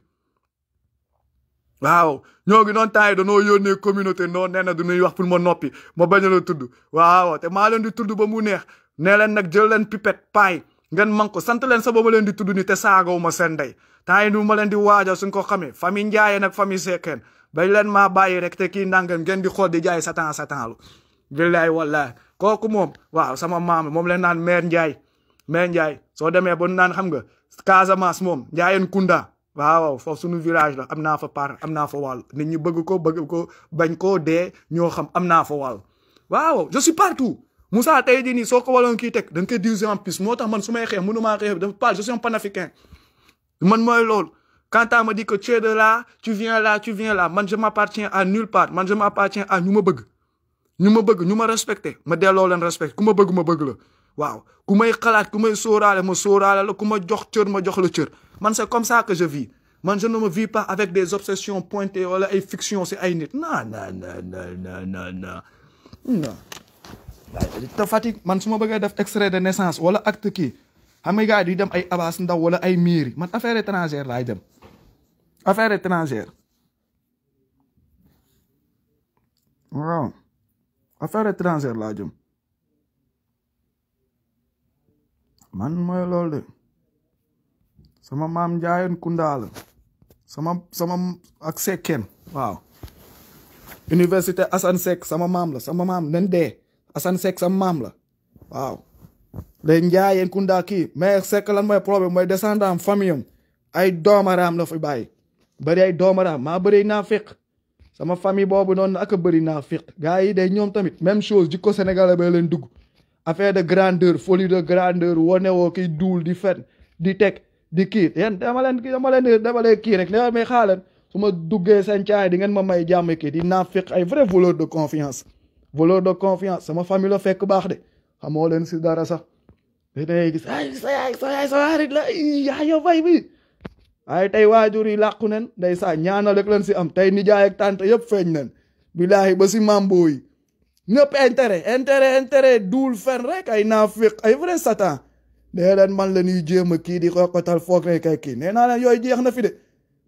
waaw ñoo ngi noonu temps yi dañoo yónnee communauté noonu nee na du ñuy wax pour ma noppi ma bañ a tudd waaw te maa leen di tudd ba mu neex nee leen nag jël leen pipette paay ngen manko ko sant leen sa booba leen di tudd ni te saagaw ma seen ndey temps yi nu ma leen di waaja suñ ko xamee famille Ndiaye nag famille Seckeen bañ leen maa bàyyi rek te kii nangam ngeen di xool di jaay satan satan lu billaay wallaay kooku moom waaw sama maam moom leen naan maire Ndiaye maire Ndiaye soo demee ba naan xam nga Casamance moom Ndiayeen Kunda waaw foofu sunu village la am naa fa par am naa fa wàll nit ñi bëgg ko bëgg ko bañ koo dee ñoo xam am naa fa wàll waaw je suis partout Moussa tey jii soo ko waloon kii teg da nga koy moo tax man su may xeex mënumaa xeex dafa pal je suis Man moi l'autre. Quand tu me dit que tu es de là, tu viens là, tu viens là, man, je m'appartiens à nulle part. Man, je m'appartiens à nous me bug. Nous me bug, nous me respecter. Me respect. Ku me bug, me bug le. Waaw. Ku may xalat, ku may sorale, me jox ceur, ma jox le ceur. Man, c'est comme ça que je vis. Man, je ne me vis pas avec des obsessions pointées voilà, et fictions, c'est ay nit. Non, non, non, non, non, non. Non. Te fatigue, man, suma bëgg def extrait de naissance wala acte qui xam nga gars yi dem ay Abass Ndaw wala ay Miri man affaire étrangère laay dem affaire étrangère affaire étrangère laa man mooy loolu de sama maam njaayoon kundaala sama sama ak sekkeen waaw université Assane sama maam la sama maam nen dee Assane Seck sama maam la waaw léegi njaay yéen Kounda kii mais Seck lan mooy problème mooy descendant am famille am ay doomaraam la fi bàyyi bëri ay doomaraam maa bëri naa féq sama famille boobu noonu ak a bëri naa gars yi de ñoom tamit même chose jikko Sénégal ba leen dugg affaire de grandeur folie de grandeur wane woo kii duul di fen di teg di kii yéen dama leen dama leen dama leen kii rek ne may xaaral su ma duggee seen caay di ngeen ma may jàmm kii di naa féq ay vrai voleur de confiance voleur de confiance sama famille la baax de xamoo leen si dara sax. te day gis ay sa yaay sa yaay sa la yaa yow fay tey waajur yi làqu nen nday saa ñaana rek leen si am tey nijaay ak tante yëpp feeñ nen bilaahi ba si mambo yi ñëpp intérêt intérêt intérêt duul fen rek ay naafiq ay vrai satan nee leen man la ñuy jéem a kii di xoqatal foog rek kay kii nee naa leen yooyu jeex na fi de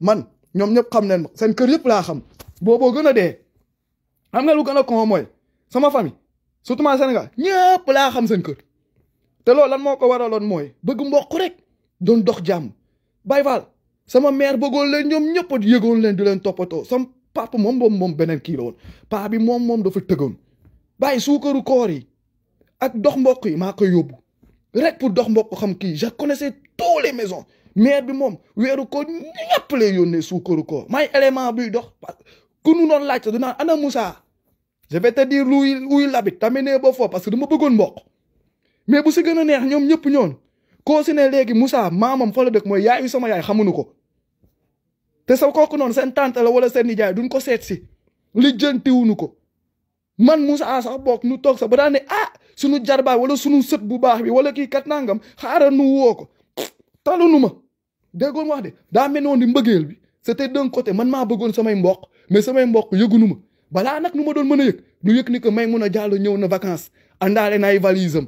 man ñoom ñëpp xam nen ma seen kër yëpp laa xam booboo gën a dee xam nga lu gën a kon mooy sama famille surtout ma Sénégal laa xam seen kër te loolu lan moo ko waraloon mooy bëgg mboq rek don dox jàmm Baye Fall sama mère bëggoon leen ñoom ñëpp yëgoon leen di leen toppatoo sam papa moom moom moom beneen kii la woon paa bi moom moom dafa tëggoon bàyyi suukaru koor yi ak dox mboq yi maa koy yóbbu rek pour dox mboq xam kii je connaissais tous les maisons mère bi moom weeru ko ñëpp lay yónnee suukaru koor may élément buy dox ku nu laaj sax du naan ana Moussa je vais te dire où il où il habite tamit parce que dama bëggoon mboq. mais bu si gën a neex ñoom ñëpp ñoon koo si ne léegi Moussa maamam fa la dëkk mooy yaayu sama yaay xamuñu ko te sa kook noon seen tante la wala seen nijaay duñ ko seet si li jëntiwuñu ko man Moussa sax bokk nu toog sa ba daane ne ah sunu jarbaay wala sunu sët bu baax bi wala kii kat nangam xaaral nu woo ko talunu ma déggoon wax de daa mel noonu di mbëggeel bi c'était d'un côté man maa bëggoon samay mbokk mais samay mbokk yëgunu ma balaa nag nu ma doon mën a yëg du ni que may mun a jàll ñëw na vacances àndaale naay valise am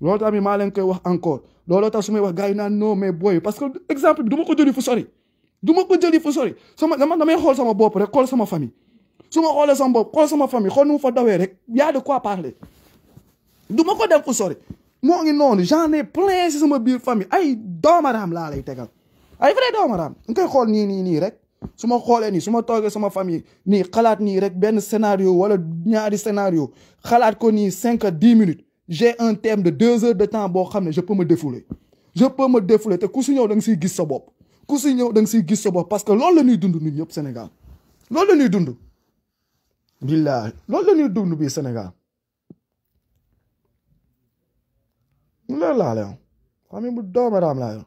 loolu tamit maa leen koy wax encore looloo tax suma may wax gars yi naan non booy parce que exemple bi du ma ko jëli fu sori du ma ko jëli fu sori sama dama damay xool sama bopp rek xool sama famille su ma xoolee sama bopp xool sama famille xool nu mu fa dawee rek y a de quoi parler du ma ko dem fu sori moo ngi noonu j'en ai plein si sama biir famille ay doomaraam laa lay tegal ay vrai doomaraam nga koy xool nii nii nii rek su ma xoolee nii su ma toogee sama famille nii xalaat nii rek benn scénario wala ñaari scénario xalaat ko nii cinq à dix minutes j'ai un thème de deux heures de temps boo xam ne je a me défouler a defule me défouler te ku si ñëw da nga siy gis sa bopp ku si ñëw da siy gis sa parce que loolu la ñuy dund ñun ñëpp Sénégal loolu la ñuy dund billaay loolu la ñuy dund bii Sénégal loolu laa la yoon xam ne bu doomeraam laa yoon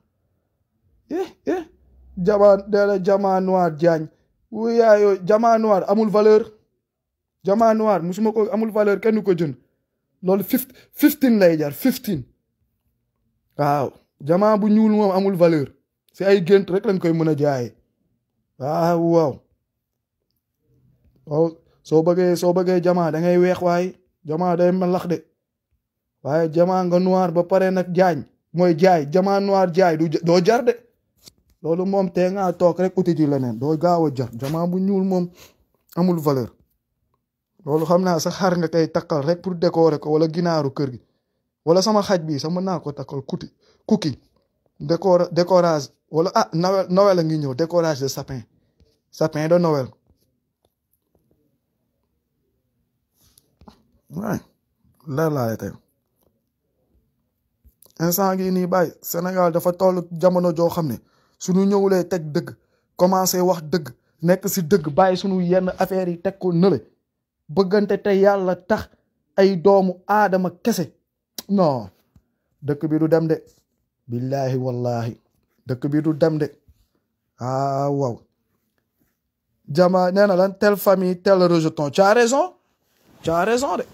eh eh jama noir Diagne wu yaayoo jama noir amul valeur jama noir musuma ko amul valeur kenn ko jënd loolu fifty fifteen lay jar fifteen waaw jamaa bu ñuul moom amul valeur si ay gént rek lañ koy mën a jaay waaw waaw soo bëggee soo bëggee jamaa da ngay weex waaye jamaa day melax de waaye jamaa nga noir ba pare nag jaañ mooy jaay jamaa noir jaay du doo jar de loolu moom tee ngaa toog rek uti ji leneen doo gaaw a jar jamaa bu ñuul moom amul valeur loolu xam naa sa xar nga koy takkal rek pour décorer ko wala ginaaru kër gi wala sama xaj bi sama mën naa ko takkal kuti kuki décor décorage wala ah Noël Noël a ngi ñëw décorage de sapin sapin de Noël waay leer laa tey instant gii nii bàyyi Sénégal dafa toll jamono joo xam ne suñu ñëwulee teg dëgg commencé wax dëgg nekk si dëgg bàyyi sunu yenn affaires yi teg ko nële bëggante te yàlla tax ay doomu aadama kese non dëkk bi du dem de billahi wallahi dëkk bi du dem de ah waaw jama nee na lan telle famille tel rejeton tu as raison tu as raison de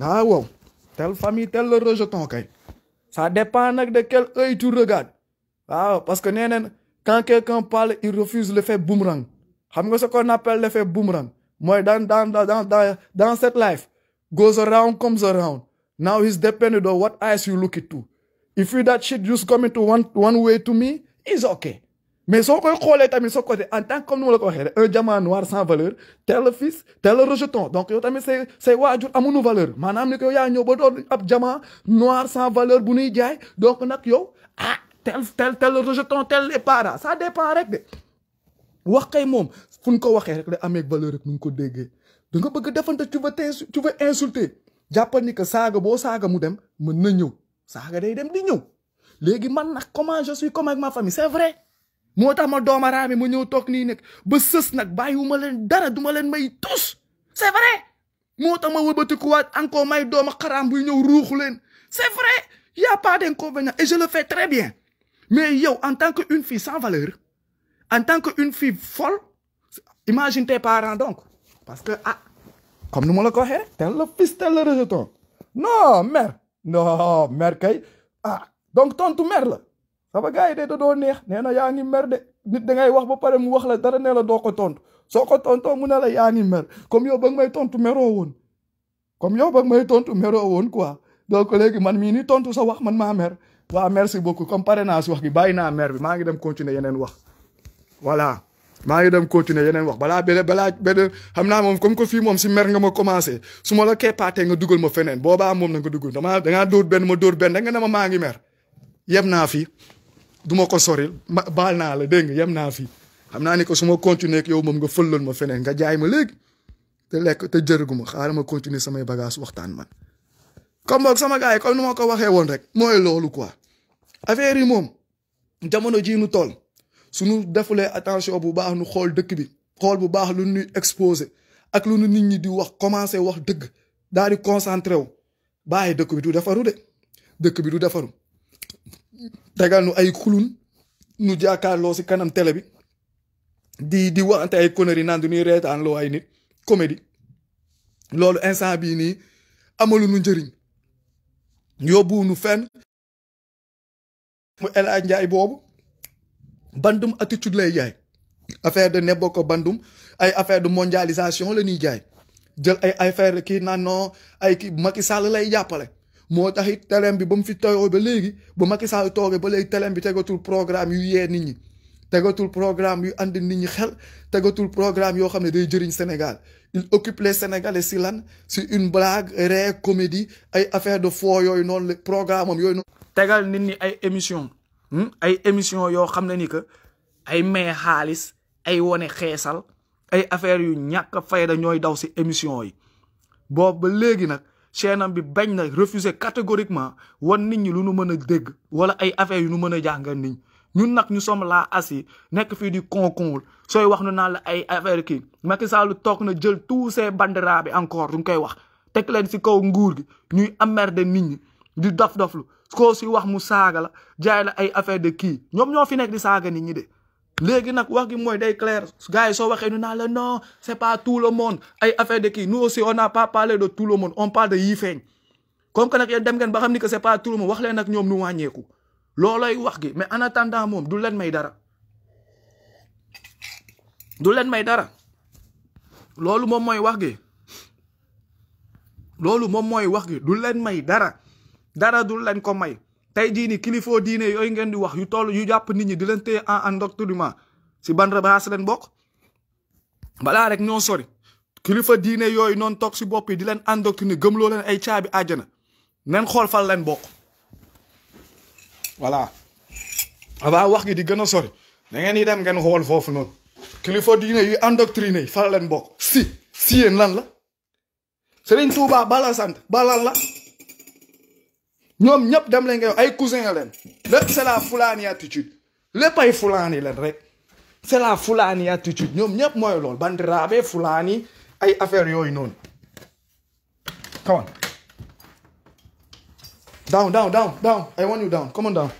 ah waaw telle famille tel rejeton kay ça dépend nag de quel œil tu regardes waaw ah, parce que nee quand quelqu'un parle il refuse l'effet boomerang xam nga ce qu'on appelle l'effet boomerang moi, dans dans dans cette life goes around comes around now it's dependent on what eyes you look it to if you that shit just come into one one way to me is okay mais si vous regardez, tamit en tant un diamant noir sans valeur tel fils tel rejeton donc c'est tamit say c'est waajur amuñu valeur maanaam ni ko yow yaa un diamant noir sans valeur donc vous yo, ah tel tel rejeton tel les ça dépend de fu ko waxee rek la amé valeur rek nu ko déggee da nga bëgg defante tu veux tu veux insulter jappal ni que saga bo saga mu dem mën na ñëw saga day dem di ñëw légui man nak comment je suis comme avec ma famille c'est vrai moo tax ma dooma raami mu ñëw tok ni nag ba seuss nak bayiwuma leen dara duma leen may tous c'est vrai moo tax ma wëlbatikuwaat encore may dooma xaraam bu ñëw ruuxu leen c'est vrai y a pas d'inconvénient et je le fais très bien mais yow en tant que une fille sans valeur en tant que une fille folle imagine tes parents donc parce que ah comme ni ma la ko waxee rek tel le fils tel le rejeton non mère non kay ah donc tontu meer la sama gars yi de da doo neex nee na yaa ngi mer de nit da ngay wax ba pare mu wax la dara ne la doo ko tontu soo ko tontoo mu na la yaa ngi mer comme yow ba may tontu meroo woon comme yow ba may tontu meroo woon quoi donc léegi man mii ni tontu sa wax man ma mer waa merci beaucoup comme pare naa si wax gi bàyyi naa mer bi maa ngi dem continuer yeneen wax voilà maa ngi dem continuer yeneen wax balaa beneen balaa beneen xam naa moom comme que fii moom si mer nga ma commencé su ma la keppaatee nga dugal ma feneen boobaa moom na nga dugal damaa dangaa dóor benn ma dóor benn rek nga ma maa ngi mer yem naa fi duma ko soril ma baal naa la dégg nga yem naa fi xam naa ni ko su ma continuer ak yow moom nga fëlal ma feneen nga jaay ma léegi te lekk te jërëgu ma xaaral ma continuer samay bagage waxtaan man comme sama gars yi comme ni ma ko waxee woon rek mooy loolu quoi affaire yi moom jamono jii nu toll suñu defulee attention bu baax nu xool dëkk bi xool bu baax lu nu exposé ak lu nu nit ñi di wax commencé wax dëkk daal di concentré wu bàyyi dëkk bi du defaru de dëkk bi du defaru tegal nu ay xulun nu jàkkaarloo si kanam télé bi di di waxante ay conneries naan du ñuy reetaan loo ay nit comédie loolu instant bii nii amalu nu njëriñ yóbbu nu fen mu El Hadj Ndiaye boobu bandum attitude lay jaay affaire de ne bokk bandum ay affaire de mondialisation la ñuy jaay jël ay affaire kii naan ay kii Macky Sall lay jàppale moo tax it telem bi ba mu fi toogee ba léegi ba Macky Sall toogee ba léegi telem bi tegatul programme yu yee nit ñi tegatul programme yu ànd nit ñi xel tegatul programme yoo xam ne day jëriñ Sénégal il occupe les si lan si une blague ree comédie ay affaire de foo yooyu noonu la programme am yooyu tegal nit ñi ay émission Hmm? ay émission yoo xam ne ni que ay mais xaalis ay wone xeesal ay affaire yu ñàkk fayda ñooy daw si émission yi boobu ba léegi nag chaîne am bi bañ na refuser catégoriquement wan nit ñi lu nu mën a dégg wala ay affaire yu nu mën a jàngal nit ñi ñun nag ñu sommes laa assi nekk fii di konkon sooy wax nu naan la ay affaire kii Macky Sall toog na jël tous ces bandera bi encore duñ koy wax teg leen si kaw nguur gi ñuy emmerder nit ñi di dof doflu ko si wax mu saga la jay la ay affaire de ki ñom ñoo fi nek di saga nit ñi de legui nak wax gi moy day clair gaay so waxe ñu na la non c'est pas tout le monde ay affaire de ki nous aussi on n'a pas parlé de tout le monde on parle de yii feeñ comme que nak yéen dem ngeen ba xam ni que c'est pas tout le monde wax leen nak ñom ñu wañeku me wax gi mais en attendant mom du leen may dara du leen may dara lolou mom moy wax gi lolou mom moy wax gi du leen may dara dara dul lañ ko may tey jii kilifa kilifoo diine yooyu ngeen di wax yu toll yu jàpp nit ñi di leen téye en endoctrinement si ban rabaas leen bokk balaa rek ñoo sori kilifa diine yooyu noonu toog si bopp yi di leen endoctriner gëmloo leen ay caabi àjjana nen xool fal leen bokk voilà avant wax gi di gën a sori da ngeen di dem ngeen xool foofu noonu kilifa diine yu endoctriné yi fal leen bokk si si lan la Serigne Touba bala sant bala la ñoom ñëpp dem leen ay cousin leen lépp c'est la attitude lépp ay fulaani leen rek c'est la attitude ñoom ñëpp mooy loolu bandiraabe fulaani ay affaire yooyu noonu come on down down I want you down come down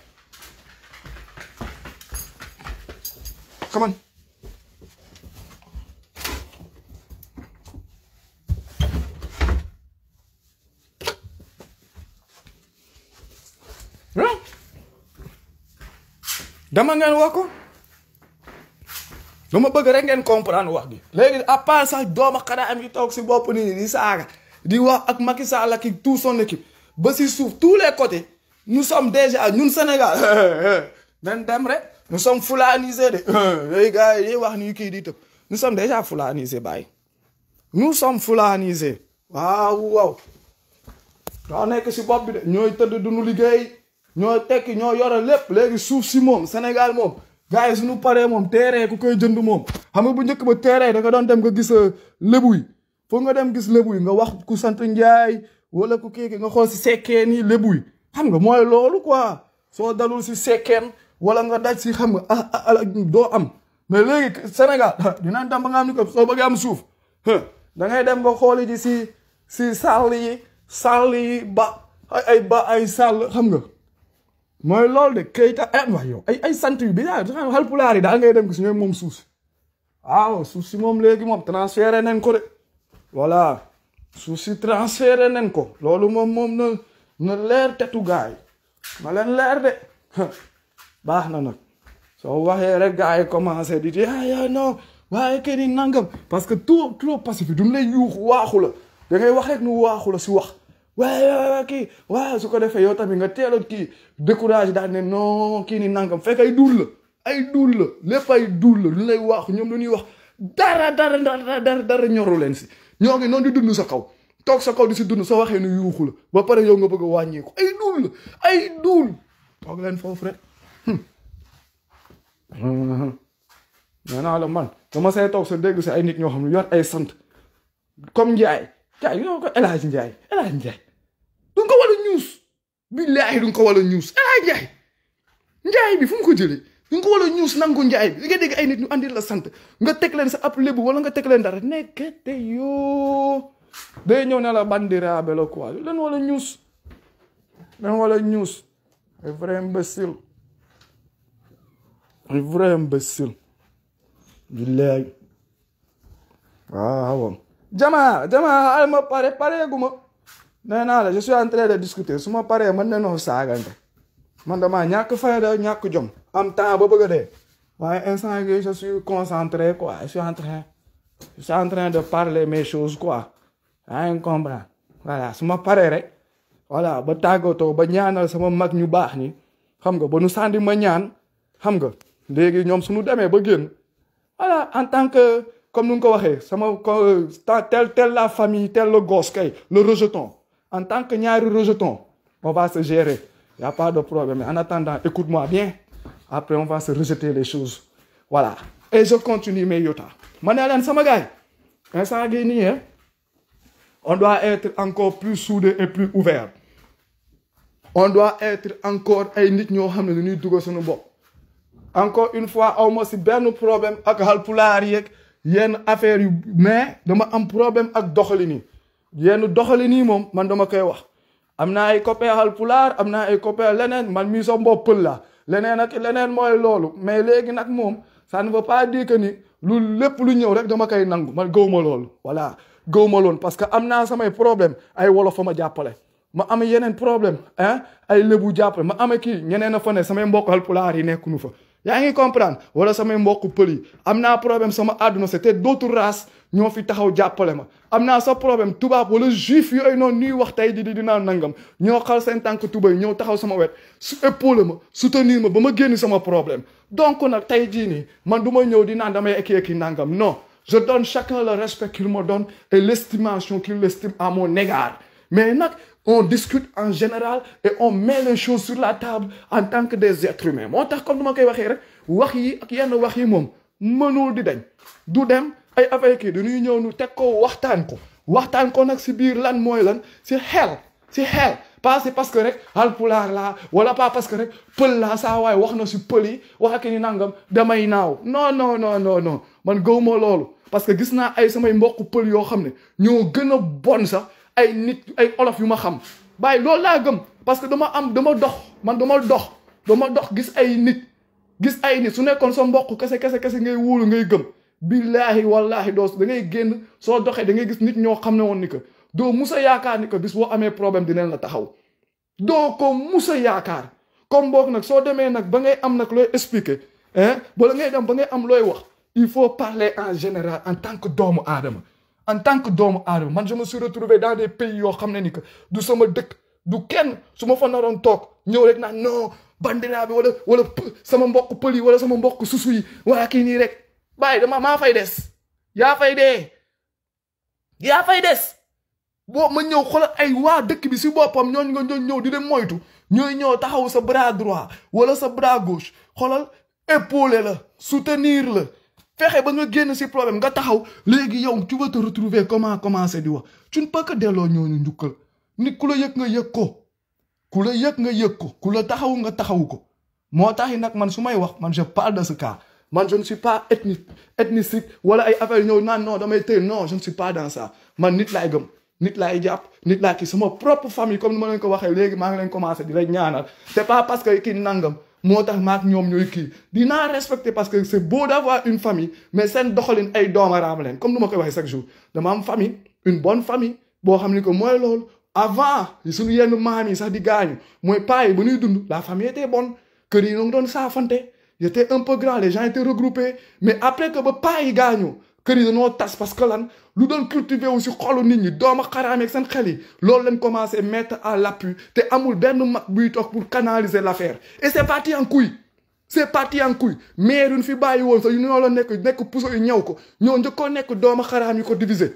dama ngeen wax ko dama bëgg rek ngeen comprendre wax gi léegi à part sax dooma xanaa am yi toog si bopp ni ñi di saaga di wax ak maki Sall ak tout son équipe ba si suuf tous les côtés nous sommes déjà ñun Sénégal dañ dem rek som sommes fulanisés de yooyu gars yi wax ni kii di tëb nous sommes déjà fulanisés bàyyi nous sommes fulanisés si bopp bi de ñooy tëdd duñu liggéey ñoo tekki ñoo yore lépp léegi suuf si moom Sénégal moom gars yi suñu paree moom terrain ku koy jënd moom xam nga bu njëkk ba terrain da nga doon dem nga gis euh, lébu yi foog nga dem gis lébu yi nga wax ku sant Njaay wala ku kii nga xool si sekkeen yi lébu yi xam nga mooy loolu quoi soo dalul si sekkeen wala nga daj si xam nga ah, ah, ah doo am mais léegi Sénégal dinañ dem ba nga am ni ko soo bëggee am suuf da ngay dem nga xooli ji si si sàll yi sàll yi ba ay ba ay sàll xam nga mooy loolu de Keita ah eh, waaye yow ay ay sant yu bizarre Haalpulaar yi daal ngay dem gis ñooy moom suuf si waaw suuf si moom léegi moom transféré nañ ko de voilà suuf si transféré nañ ko loolu moom moom na na leer tetu gaay na leen leer de baax na nag soo waxee rek gars yi commencé di di ah non waaye kenn nangam parce que tout trop pacifique duñ lay yuuxu waaxu la da ngay wax rek nu waaxu la si wax. Wah, ué, wah ué, sou cadê feio, tá me engatelo aqui. De coragem, dá nem não, aqui nem nangam. Fé que aí dula, aí dula, lepa aí dula, lei wach, nhom do ni wach. Dara, dara, dara, dara, dara, nhoro lensi. Nhogi non di dundu sa kaw. Tok sa kaw di si dundu sa waxe nu yuxul. Ba pare yow nga bëgg wañi ko. Ay dul, ay dul. Tok len fofu rek. Nana hmm. hmm. la man, dama say tok sa degg sa ay nit ño xamni yor ay sante. Comme Ndiaye. Ndiaye, yo ko Elhadj Ndiaye, Elhadj Ndiaye duñ ko wala news billahi duñ ko wala news ah njaay njaay bi fu ko news duñ ko wala news nangu njaay bi nga dégg ay nit ñu andil la sante nga tek leen sa ab lébu wala nga tek leen dara te yo day ñew na la bandiraabe la quoi leen wala news leen wala news ay vrai imbécile ay vrai imbécile billahi waaw jama jamaa alma pare guma je suis en train de discuter je ma de jom am temps ba bëgg je suis concentré quoi je suis en train je suis en train de parler mes choses quoi voilà voilà ba ba ñaanal sama mag ñu xam nga ba nu ma ñaan xam nga voilà en tant que comme nous tel la famille tel le gosse le rejeton en tant que ñaari rejetons, on va se gérer. Il n'y a pas de problème. En attendant, écoute-moi bien. Après, on va se rejeter les choses. Voilà. Et je continue mes yota. Hein. On doit être encore plus soudé et plus ouvert. On doit être encore Encore une fois, on a un problème avec poulet. Il y a une affaire, mais y a un problème avec yenn doxali nii moom man dama koy wax am naa ay copains pulaar am naa ay copains leneen man mii sa mbokk la leneen ak leneen mooy loolu mais léegi nag moom ça ne veut pas dire lu lépp lu ñëw rek dama koy nangu man gëw loolu voilà gëw ma loolu parce que am naa samay problème ay wolof fa ma jàppale ma am yeneen problème ah ay lébu jàppale ma ame kii ñeneen a fa ne samay mbokk Haalpulaar yi nekkuñu fa yaa ngi comprendre wala samay mbokk pël yi am naa problème sama àdduna c'est d'autres ñoo fi taxaw jàppale ma am naa sa problème tubaab wala juif yooyu noonu ñuy wax tey di di dinaa nangam ñoo xal seen tànk tubay ñëw taxaw sama wet su épaule ma soutenir ma ba ma génn sama problème donc nag tey jii nii man du ma ñëw di naan damay ekki ekki nangam non je donne chacun le respect qu'il me donne et l'estimation qu'il estime à mon égard mais nag on discute en général et on met les choses sur la table en tant que des êtres humains moo tax comme ni ma koy waxee rek wax yi ak yenn wax yi moom mënul di dañ du dem ay affaire kii dañuy ñëw nu teg koo waxtaan ko waxtaan ko nag si biir lan mooy lan si xel si xel pas c'est parce que rek alpulaar laa wala paa parce que rek pël laa saa waay wax na si pël yi wax ak ni nangam damay naaw no non non non non man gëw ma loolu parce que gis naa ay samay mbokku pël yoo xam ne ñoo gën a bon sax ay nit ay olof yu ma xam bàyyi loolu laa gëm parce que dama am dama dox man dama dox dama dox gis ay nit gis ay nit su nekkoon sa mbokk kese kese kese ngay wóolu ngay gëm billaahi wallaahi doo da ngay génn soo doxee da ngay gis nit ñoo xam ne woon ni que doo musa yaakaar ni que bis boo amee problème dinañ la taxaw doo ko musa yaakaar comme boog nag soo demee nag ba ngay am nag looy expliquer hein bala ngay dem ba ngay am looy wax il faut parler en général en tant que doomu aadama en tant que doomu aadama man je me suis retrouvé dans des yoo xam ne ni que du sama dëkk du kenn su ma fa naroon toog ñëw rek naan non bandinaa bi wala wala sama mbokk pël wala sama mbokk susu yi kii nii rek bàyyi dama maa fay des yaa fay dee yaa fay des boo ma ñëw xoolal ay waa dëkk bi si boppam ñooñ nga ñooñ ñëw di dem moytu ñooy ñëw taxaw sa bras droit wala sa bras gauche xoolal épaulé la soutenir la fexe ba nga génn si problème nga taxaw léegi yow tu vas te comment commencer di wax tu ne peux que delloo ñooñu njukkal nit ku la yëg nga yëg ko ku la yëg nga yëg ko ku la taxaw nga taxaw ko moo taxi nag man su may wax man je parle de ce man je ne suis pas ethnique ethnique wala ay affaire ñëw naan non damay tëy non je ne suis pas dans ça man nit laay gëm nit laay jàpp nit laa kii sama propre famille comme nous ma leen ko waxee léegi maa ngi leen commencé di rek c'est pas parce que kii nangam moo tax maak ñoom ñooy kii dinaa respecter parce que c'est beau d'avoir une famille mais seen doxalin ay doomaraam leen comme ni ma koy waxee chaque jour dama ma famille une bonne famille boo xam ni que mooy loolu avant suñu yenn maam yi sax di gaañu mooy paa yi ba ñuy dund la famille était bonne que yi ñoo ngi doon saafante c'était un peu grand, les gens étaient regroupés. Mais après que pas pays gaañu que yi dañoo tas parce que là, lu doon cultiver aussi si xolu nit ñi doomu xaraam commencé à mettre à l'appui te amul benn mag buy pour canaliser l'affaire et c'est parti en couille c'est parti en couille mais une fi bàyyi woon sax yu ne la nekk nekk puso yu ñëw ko ñoo njëkkoon nekk doomu xaraam yi ko diviser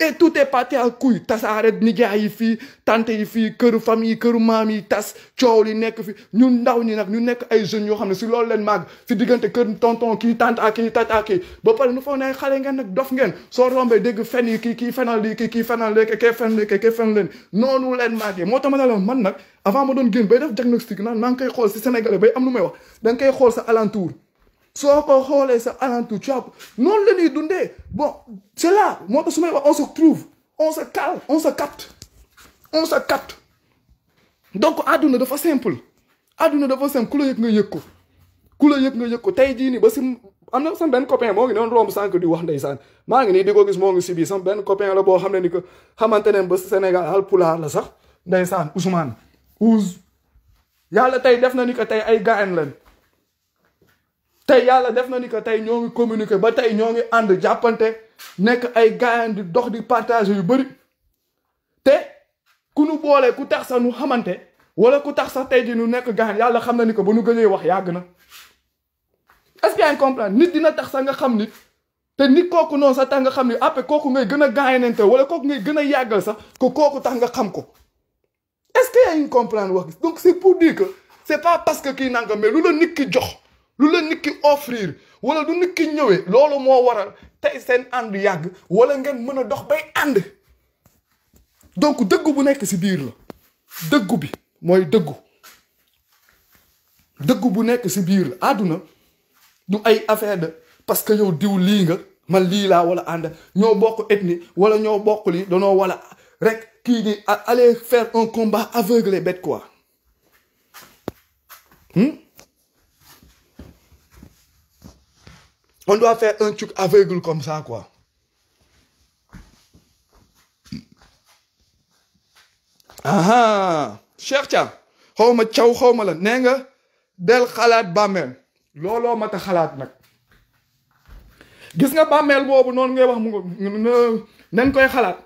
et tout est parti à couille tasaare nijaay yi fii tante yi fii këru famille këru maam yi tas coow li nekk fi ñu ndaw ñi nag ñu nekk ay jeunes yoo xam ne si loolu leen màgg si diggante kër tonton kii tante ak kii tante ak kii ba pare nu foog ne xale ngeen nag dof ngeen soo rombee dégg fen yi kii kii fenal lii kii kii fenal lii kii fen leen noonu leen màggee moo tax ma ne la man nag avant ma doon génn bay def diagnostic naan maa ngi koy xool si Sénégalais bay am lu may koy xool sa alentour soo ko xoolee sa alentour tu as noonu la ñuy dundee bon c'est là moo tax su may wax on se trouve on se cale on se capte on se capte donc àdduna dafa simple àdduna dafa simple ku la yëg nga yëg ko ku la yëg nga ko tey jii nii ba si am na sama benn copain moo ngi noonu romb sànq di wax ndeysaan maa ngi nii di ko gis moo ngi si biir sama benn copain la boo xam ne ni ko xamante ne ba Sénégal alpulaar la sax ndeysaan Ousmane Ouz yàlla tey def na ni ko tey ay gaan lañ tey yàlla def na ni que tey ñoo ngi communiquer ba tey ñoo ngi ànd jàppante nekk ay gaayan di dox di partager yu bëri te ku nu boole ku tax sax nu xamante wala ku tax sax tey ji nu nekk gaayan yàlla xam na ni ko ba nu gëjee wax yàgg na est-ce que yaa comprendre nit dina tax sax nga xam nit te nit kooku noonu sax tax nga xam ni après kooku ngay gën a gaayanante wala kooku ngay gën a yàggal sax ko kooku tax nga xam ko est-ce que yaa ngi comprendre wax gis donc c'est pour dire que c'est pas parce que kii nangam mais lu la nit ki jox lu la nit ki offrir wala du nit ki ñëwee loolu moo waral tey seen ànd yàgg wala ngeen mën a dox bay ànd donc dëggu bu nekk ci biir la dëggu bi mooy dëggu dëggu bu nekk ci biir la àdduna du ay affaire de parce que yow diw lii nga man lii laa wala ànd ñoo bokk ethnie wala ñoo bokk lii danoo wala rek kii di aller faire un combat aveugle bête quoi. Hmm? On doit faire un truc aveugle comme ça, quoi. aha Cheikh Thiam xaw ma caw xaw la nee del xalaat bamel. Lolo, mat a xalaat gis nga bàmmeel boobu non, ngay wax mu nañ koy khalat.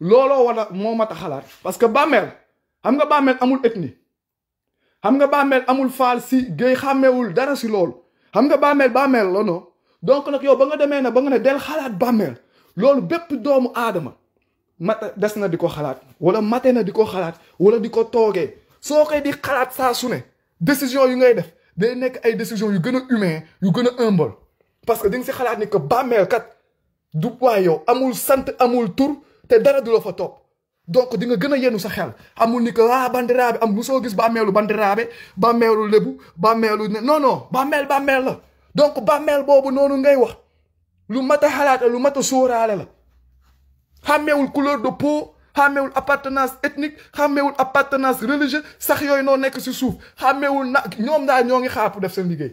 Lolo, wala, a mata khalat. parce que bamel. xam nga bàmmeel amul ethnie xam nga bàmmeel amul faal si géy dara si lol. xam nga bàmmeel non donc nag yow ba nga demee ne ba nga ne del xalaat bàmmeel loolu bépp doomu aadama mat des na di ko xalaat wala mate na di ko xalaat wala di ko toogee soo koy di xalaat saa su ne décision yu ngay def day nekk ay décision yu gën a humain yu gën a humble parce que di nga si xalaat ni ko bàmmeel kat du poids yow amul sant amul tur te dara du la fa topp donc di nga gën a yenu sa xel amul ni que ah bandiraabe am bu soo gis bàmmeelu bandiraabe bàmmeelu lébu bàmmeelu ne non non bàmmeel la donc bàmmeel boobu noonu ngay wax lu mat halata lu mat a la xaméwul couleur de peau xaméwul appartenance ethnique xaméwul appartenance religieuse sax yoy no nek ci souf xaméwul ñom da daal ñoo def seen liguey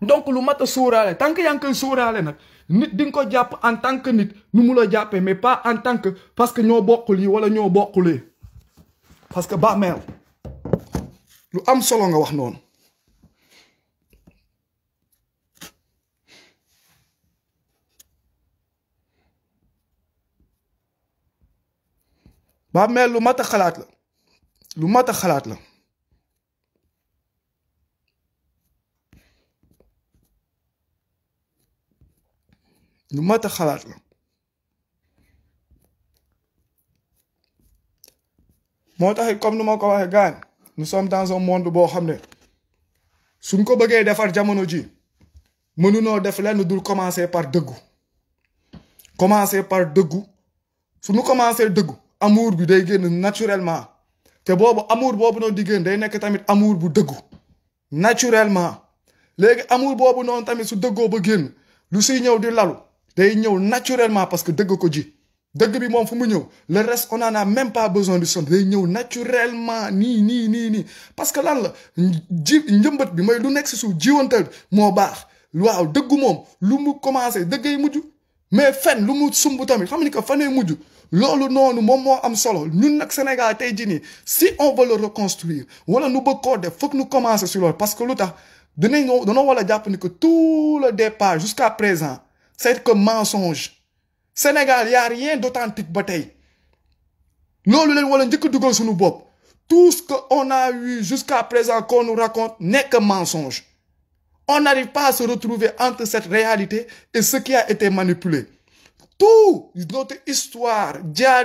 donc lu mat a tant que yaa ngi nak nit di nga ko en tant que nit nu mu la jappé mais pas en tant que parce que ño bokul yi wala ño bokulé parce que bàmmeel lu am solo nga wax non. bàmmeel lu mat a xalaat lu mat a xalaat la lu mat a xalaat la moo taxit comme nu ma ko waxee gaan nous sommes dans un monde boo xam ne suñ ko bëggee defar jamono ji mënunoo def lenn dul commencer par dëggu commencer par dëggu suñu commencer dëggu amour bi day génn naturellement te boobu amour boobu noonu di génn day nekk tamit amour bu dëggu naturellement léegi amour boobu noonu tamit su dëggoo ba génn lu siy ñëw di lalu day ñëw naturellement parce que dëgg ko ji dëgg bi moom fu mu ñëw le reste on en a même pas besoin du son day ñëw naturellement nii nii nii nii parce que lan la ji njëmbat bi mooy lu nekk si suuf jiwantal bi moo baax lu waaw dëggu moom lu mu commencé dëggay mujj mais fen lu mu sumb tamit xam ni que fanee mujj am solo ñun Sénégal si on veut le reconstruire wala nu que nous def nu commencer sur lolu parce que l'autre que tout le départ jusqu'à présent c'est que mensonge Sénégal y a rien d'authentique ba tout ce que on a eu jusqu'à présent qu'on nous raconte n'est que mensonge on n'arrive pas à se retrouver entre cette réalité et ce qui a été manipulé tout notre histoire, jaar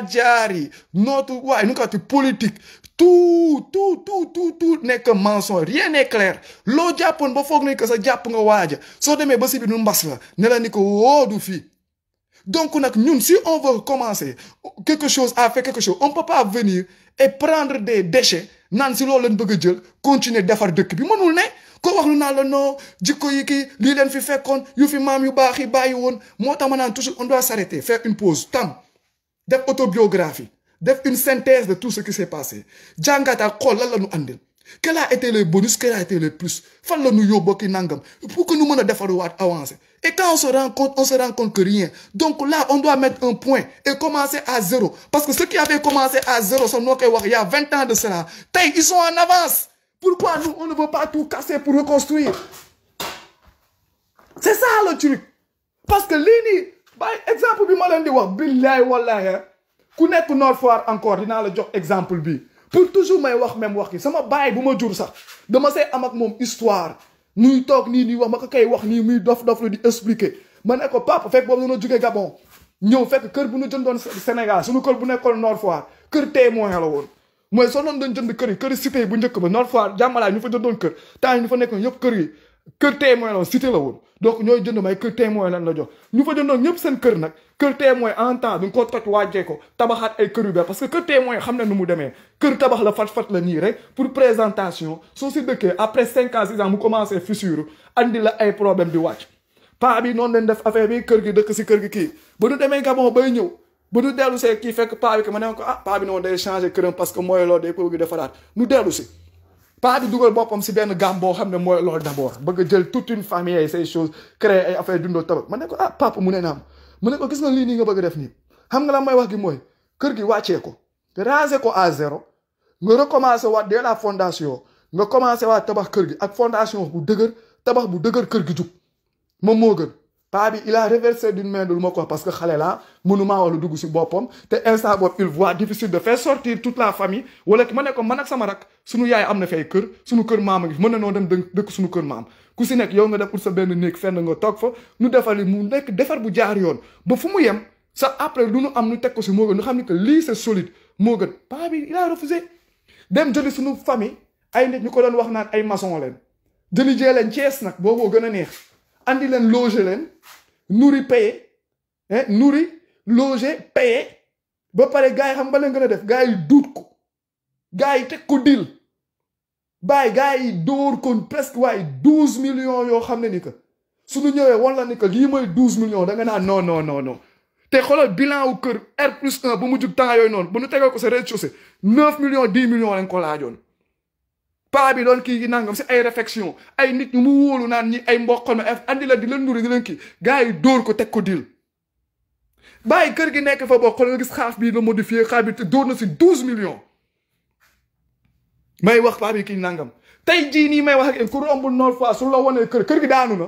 notre waay nu politique tout tout tout tout tout que mensonge rien n'est clair loo jàppoon ba foog que sa Japon nga waaja soo demee ba si bi nu mbas la ne la ni ko woodu oh, donc nag ñun si on veut commencer quelque chose à faire quelque chose on peut pas venir et prendre des déchets nan si loolu lañ bëgg de jël continuer defar dëkk bi mënul ne ko wax nu la non jikko yi kii li len fi fekkoon yu fi mam yu baax yi bàyyi woon moo tax toujours on doit s'arrêter faire une pause tam def autobiographie def une synthèse de tout ce qui s'est passé jangata ak xool la ñu andil quel a été le bonus quel a été le plus fan la ñu yóbboo ki nangam pour que nous meuna defaru wat avancer et quand on se rend compte on se rend compte que rien donc là on doit mettre un point et commencer à zéro parce que ceux qui avaient commencé à zéro sont noo koy wax y a vingt ans de cela tey ils sont en avance pourquoi nous, on ne veut pas tout casser pour reconstruire C'est ça le truc. Parce que l'ini, par exemple, je vais vous un Nord encore, un exemple. Pour toujours nous même wax sama ma m'a am ak mom histoire Nous, tok ni ni wax mako kay wax ni muy dof dof nous, di expliquer Nous nous, papa nous, bobu nous, Gabon nous, nous nous, Sénégal nous kër bu Nord Foire nous, témoin la woon mooy soo doon jënd kër yi kër yi cité yi bu njëkk ba Nord Foire jàmmalaay ñu fa jëndoon kër temps yi ñu fa nekkoon yëpp kër yi ñooy jënd may kër témoin lan la jox ñu fa jëndoon ñëpp seen kër nag kër témoin en temps bi nga ko toj wàjjee ko tabaxaat ay kër yu bees parce que kër témoin xam ne nu mu demee kër tabax la fat-fat la nii rek pour présentation soo si dëkkee après cinq ans six ans mu commencé fissure andi la ay problème di wàcc paa bi noonu leen def affaire bi kër gi dëkk si kër gi kii ba ñu demee Gabon bay ñëw ba ñu dellu see kii fekk paa bi que ma ne ko ah paa bi noonu day changé këram parce que mooy loolu day ko bëgg defaraat ñu dellu si paa bi dugal boppam si benn gàmm boo xam ne mooy loolu da abord bëgg a jël toute une famille ay ces choses créer ay affaire dundoo tabax ma ne ko ah papa mu ne naam mu ne ko gis nga lii nii nga bëgg a def nii xam nga la may wax gi mooy kër gi wàccee ko raser ko à zéro nga recommencer waat dès la fondation nga commencé waa tabax kër gi ak fondation bu dëgër tabax bu dëgër kër gi jub moom moo paa bi il a renversé lu ma ko parce que xale la mënumaa wala dugg si boppam te instant boobu il voit difficile de faire sortir toute la famille wala ma ne ko man ak sama rak suñu yaay am na ay kër suñu kër maam a ngi mën na noo dem dëkk suñu kër maam ku si nekk yow nga dem ut sa benn néeg fenn nga toog fa nu defali mu nekk defar bu jaar yoon ba fu mu yem sa après lu nu am nu teg ko si moo nu xam ni que lii c'est solide moo gën paa bi il a refusé dem jëli suñu famille ay nit ñu ko doon wax naan ay maçon leen jëli jee leen Thiès nag booboo gën a neex andi leen loger leen nourri payé hein nourri logé payé ba pare gars yi xam nga leen gën a def gars yi duut ko gars yi teg ko dil bàyyi gars yi dóor ko presque waaye douze millions yoo xam ne ni que suñu ñëwee wan la ni que lii mooy douze millions da nga naan non non non non te xoolal bilan wu kër R plus 1 bu mu jug temps yooyu noonu bu ñu tegal ko sa rez-de-chaussée neuf millions dix millions ko laajoon paa bi doon kii nangam si ay réflexion ay nit ñu mu wóolu naan ñi ay mboqam af andi la di leen nuru di leen kii gars yi ko tek ko dil bàyyi kër gi nekk fa boo xool nga gis xaaf bi la modifié xaaf bi te dóor na si 12 millions may wax paa ki kii nangam tey jii nii may wax ak ku romb noor fois su la wanee kër kër gi daanu na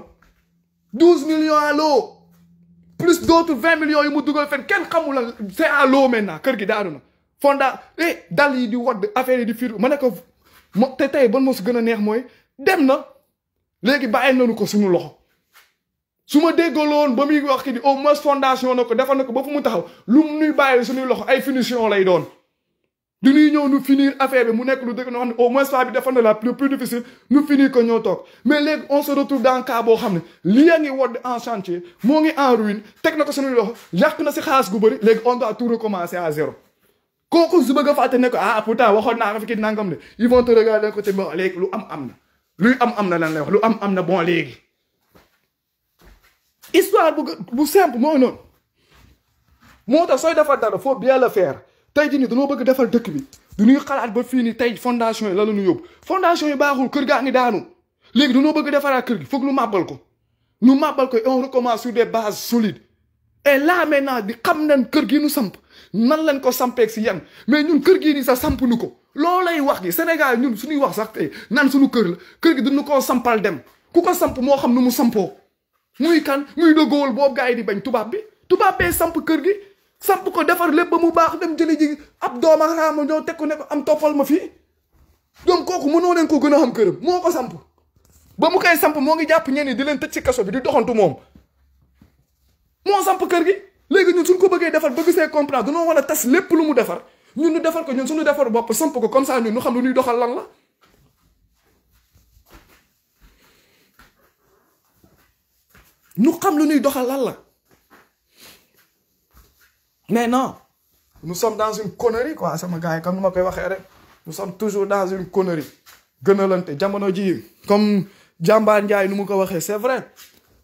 12 millions alo. plus d'autres 20 millions yu mu dugal fen kenn xamul c'est à l'eau maintenant kër gi daanu na fonda eh dal yi di wadd affaire yi di fiir ma ko moo te tey ban moo si gën neex mooy dem na léegi bàyyi nañu ko suñu loxo su ma déggaloon ba muy wax ki di au moins fondation na ko defal na ko ba fu mu taxaw lu mu nuy bàyyi suñuy loxo ay finition lay doon. du ñuy ñëw nu finir affaire bi mu nekk lu dëgg noo xam ne au moins faa bi defal na la plus plus difficile nu finir ko ñoo toog mais léegi on se retrouve dans cas boo xam ne lii a ngi wodd en chantier moo ngi en ruine teg na ko su suñuy loxo yàq na s xaalis gu bëri léegi on doit tout à zéro. Quand ah, ils vont te regarder d'un côté bon histoire bu simple il il faut bien le faire faire. Il faut bëgg faire. dëkk bi xalaat ba Il tay fondation faire. la ñu yob fondation yu baaxul kër le faire Il faut bëgg le kër gi faut ñu mabal ko ñu mabal ko et on recommence sur des bases solides et là maintenant di xam kër gi ñu samp nan lañ ko sampeeg si yang mais ñun kër gi ni sa sampunu ko lolay wax gi sénégal ñun suñu wax sax nan suñu kër la kër gi duñu ko sampal dem ku ko samp mo xam nu mu sampo muy kan muy do gol bob gaay di bañ tubab bi tubab bee samp kër gi samp ko defar lepp mu baax dem jëlé ji ab dooma xaama do teg ne am topal ma fi donc kooku mënoo leen ko gëna xam këram samp ba mu kay samp mo ngi japp ñenn di leen tecc ci kasso bi di doxantu mom mo samp kër gi léegi ñun suñ ko bëggee defar bëgg see comprendre dañoo wala a tas lépp lu mu defar ñun ñu defar ko ñun suñu defar bopp samp ko comme ça ñun ñu xam lu ñuy doxal lan la. ñu xam lu ñuy doxal lan la mais non nous sommes dans une connerie quoi sama gars yi comme ni ma koy waxee rek nous sommes toujours dans une connerie gënalante jamono ji comme jàmbaar Njaay nu mu ko waxee c'est vrai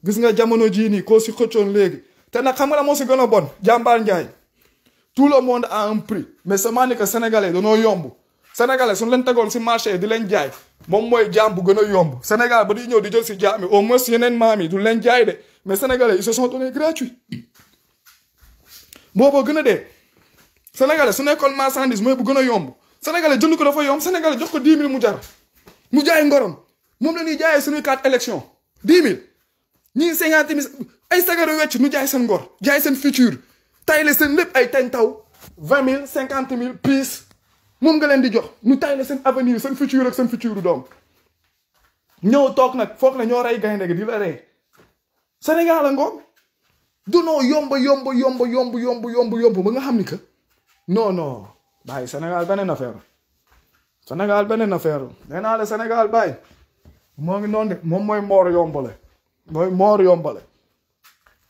gis nga jamono ji nii koo si xëccoon léegi te xam nga la bon jàmbaar tout le monde a un prix mais ce ni que sénégalais nos yomb sénégalais sont leen tegoon si marché di leen jaay moom mooy jaam yombo, yomb sénégal ba di ñëw di jël si jaam au moins c'est une yi du leen jaay mais sénégalais ils se sont donnés gratuits booboo gën a dee sénégalais su école marchandise mooy bu gën a yomb sénégalais jënd ko dafa sénégalais jox ko 10 000 mu jar mu jaay ngorom moom la ñuy jaayee carte élection 10 000 ñii 50 000 ay sagara wecc seen ngor jaay seen futur tayle seen lépp ay tañ taw vingt mille cinquante mille piis moom nga leen di jox nu tayle seen avenir seen futur ak seen futur doom ñëw toog nag foog na ñoo rey gaynde di la rey Sénégal a yomb yomb yomb yomb yomb yomb yomb ba nga xam ni que non non bàyyi Sénégal beneen affaire Sénégal beneen affaire nee naa Sénégal bàyyi moo ngi noonu moom mooy moor yombale mooy moor yombale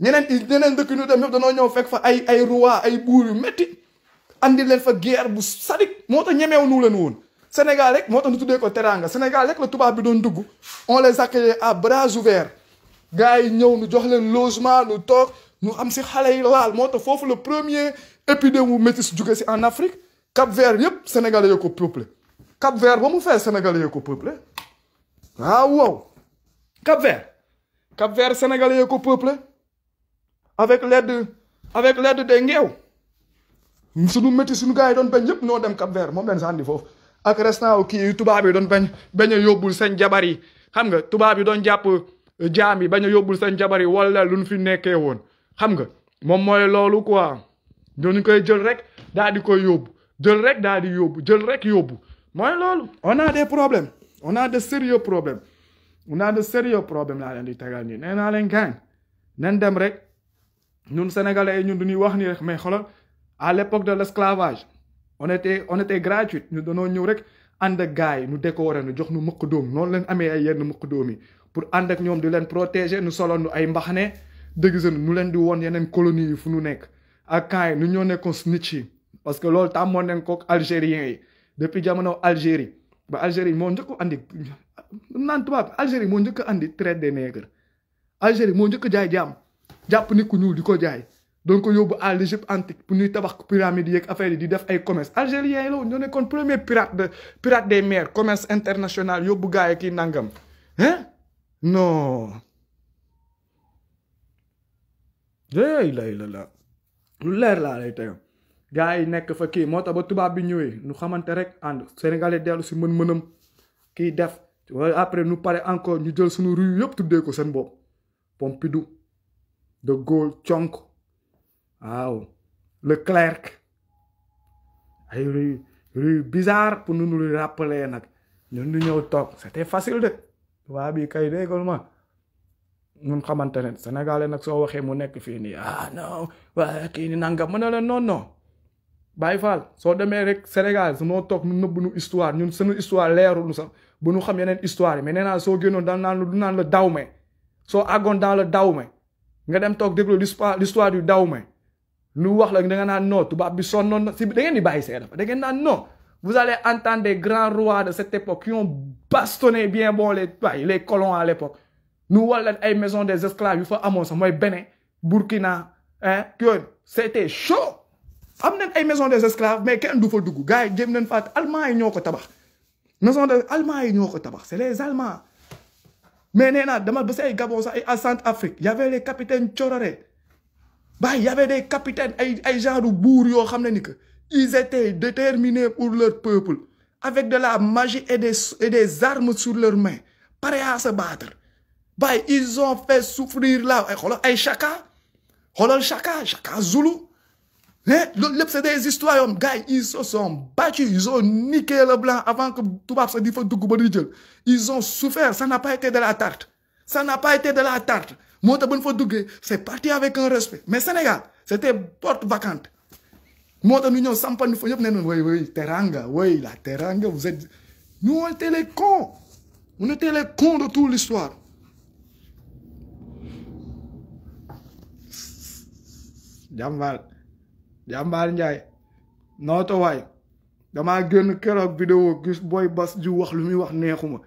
ñeneen ñeneen dëkk ñu dem yëpp danoo ñëw fekk fa ay ay roi ay buur yu métti andi leen fa guerre bu sadik moo tax ñemeew nu leen woon Sénégal rek moo tax ñu tuddee ko teranga Sénégal rek la tubaab bi doon dugg on les accueille à bras ouverts gars yi ñëw ñu jox leen logement ñu toog ñu am si xale yi laal moo tax foofu le premier épidémie métis jóge si en Afrique Cap Vert yëpp sénégal yoo ko peuplé Cap Vert ba mu fees sénégal yoo ko peuplé ah, waaw wow Cap Vert Cap Vert sénégal yoo ko peuplé avec l'aide avec l'aide des ngeew suñu métti suñu gars yi doon bañ yëpp ñoo dem Cap Vert moom leen sànni foofu ak a kii yi tubaab yi doon bañ bañ a yóbbul seen jabar yi xam nga tubaab yi doon jàpp euh, jaam yi bañ a yóbbul seen jabar yi wala lu ñu fi nekkee woon xam nga moom mooy loolu quoi doon koy jël rek daal di koy yóbbu jël rek daal di yóbbu jël rek yóbbu mooy loolu. on a des problèmes on a de sérieux problèmes on a de sérieux problèmes laa leen di tegal nii nee naa leen gaañ nen dem rek. ñun sénégalais yi ñun du wax ni rek mais xoolal à l'époque de l'esclavage on était on était gratuit ñu danoo ñëw rek ànd ak gars yi ñu décorer ñu jox ñu mëkk doom noonu leen ay yenn mëkk pour ànd ak ñoom di leen protéger ñu soloon ñu ay mbaxane dëgg sa ñu leen di woon yeneen colonie yi fu ñu nekk ak camp yi ñu ñoo nekkoon snitch yi parce que loolu tàmmoon nañ ko algérien depuis jamono Algérie ba Algérie moo njëkk andi naan tubaab Algérie moo njëkk andi traite des nègres Algérie moo njëkk jaay jaam jàpp nit ku ñuul di ko jaay doon ko yóbbu à l'Égypte antique pour ñuy tabax pyramide yeeg affaire yi di def ay commerce algérien yi la woon ñoo nekkoon premier pirate de pirate des mers commerce international yóbbu nangam hein non lay lay la lu leer laa lay tey gars yi nekk fa kii moo tax ba tubaab bi ñëwee nu xamante rek ànd sénégalais dellu si mën-mënam kii def après nu pare encore ñu jël suñu rue yëpp tuddee ko seen bopp Pompidou De Gaulle Tchonk la Leclerc ay rue rue bizarre pour nu ñu nag ñun ñu ñëw toog c'était facile de waa bi kay déggal ma ñun xamante ne sénégalais nag soo waxee mu nekk fii nii ah non kii ni nanga mën na la non non Baye Fall soo demee rek Sénégal su noo toog nu nëbb nu histoire ñun sunu histoire leerul nu sax bu nu xam yeneen histoire me mais naa soo génnoon daan naan lu naan la dawme soo àggoon dans le dawme nga dem tok talk l'histoire du wax la vous allez entendre des grands rois de cette époque qui ont bastonné bien bon les bah, les colons à l'époque Nous wala maison des esclaves yu fa Burkina hein c'était chaud maison des esclaves mais kenn dou fa gars nañ fat allemand tabax des c'est les allemands mais il dama ba Gabon ay y avait les capitaines Chorare. Bah, il y avait des capitaines ay genre ils étaient déterminés pour leur peuple avec de la magie et des et des armes sur leurs mains prêts à se battre bah, ils ont fait souffrir là ay chacun, ay Chaka Chaka Chaka Zulu eh, ils se de zistwa ils gay, sont battus, batu, iso nike le blan avan ke toubap se difon toukou bodi Ils ont souffert, ça na pas été de la tarte. ça na pas été de la tarte. Mouta bon fò dougè, c'est parti avec un respect. Mais Sénégal, c'était te porte vacante. Mouta nou nyon sampan nou fò, Oui, oui, woy, woy, teranga, oui, la teranga, vous êtes... nous, on était les cons. On était les cons de toute l'histoire. Jamval. jàmbaar njaay nooto waay damaa génn keroog vidéo gis booy bas ju wax lu muy wax neexuma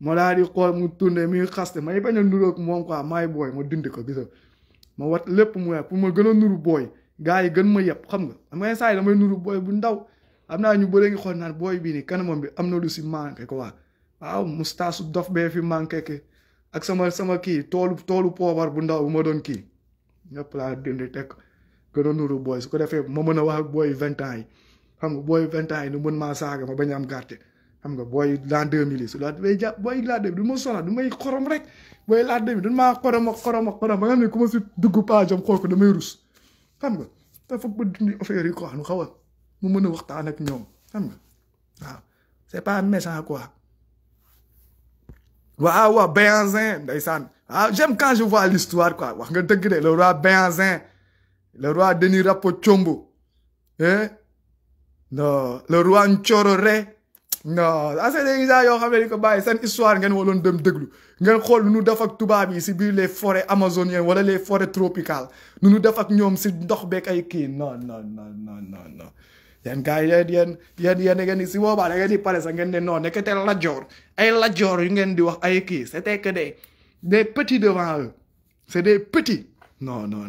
ma daal di xool mu tourné mi xaste may bañ a nuroog booy ma dindi ko gisa ma wat lépp mu weex ma gën a nuru booy gars yi gën ma yëpp xam nga xam saa yi damay booy bu ndaw am naa ñu bëre ngi xool naan booy bii ni kanamam bi am na lu si manqué quoi waaw mustaasu dof bee fi manqué ke ak sama sama kii tool toolu poobar bu ndaw bu ma doon kii ñëpp laa dindi teg gën a nuru booy su ko defee ma mën a wax ak booy vingt ans yi xam nga booy vingt ans yi nu mën maa saaga ma bañ a am gàtte xam nga booy l'an deux mille yi su la may jàpp booy l'an deux mille du ma sonal du may xorom rek booy l'an deux mille du maa xorom ak xorom ak xorom ba nga xam ne ku ma si dugg page am xool ko damay rus xam nga dafa bëgg dindi affaire yi quoi nu xaw a mu mën a waxtaan ak ñoom xam nga waaw c'est pas méchant quoi waaw waaw Béhanzin ndeysaan ah j'aime quand je vois l'histoire quoi wax nga dëgg de le roi Béhanzin le roi Denis Rapochombo, hein? non le roi Nchoro Re non assez ah, des gens yoo xam ne di ko bàyyi seen histoire ngeen waloon dem déglu ngeen xool nu nu ak tubaab yi si biir les forêts amazoniennes wala les forêts tropical nu nu def ak ñoom si ndox beeg ay kii non non non non non non yéen gars yi yéen yéen yéen da ngeen di si boobaa da ngeen di pare sax ngeen ne non nekkete lajoor ay lajoor yu ngeen di wax ay kii c'était que des des petits des petits non non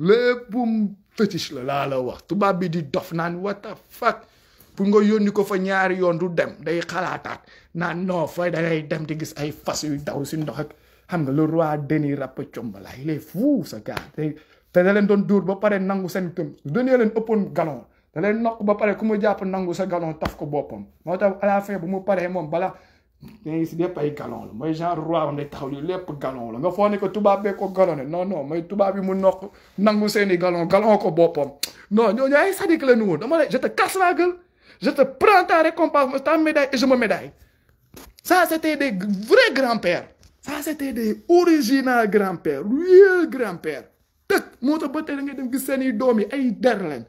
léppum fétiche la laa la wax tubaab bi di dof naan what the fuck pour nga yónni ko fa ñaari yoon du dem day xalaataat naan non fa da ngay dem di gis ay fas yu daw si ndox ak xam nga le roi Denis Rapaciombala il le fou sa gars te da leen doon dóor ba pare nangu seen tëm donnee leen ëppoon galon da leen nokk ba pare ku mu jàpp nangu sa galon taf ko boppam moo tax à la fin mu paree moom bala da ngay gis lépp galon la mooy genre roi on day taxaw li galon la nga foog ne ko tubaab ko non non mais tubaab bi mu nok nangu seeni galon galon ko bopom non ñooñu ay sadique la ñu woon dama je te casse la gueule je te prends ta récompense ta médaille et je me médaille ça c'était des vrais grands-pères ça c'était des original grands-pères real grands-pères tëg moo tax ba da ngay dem gis seeni un ay der lañ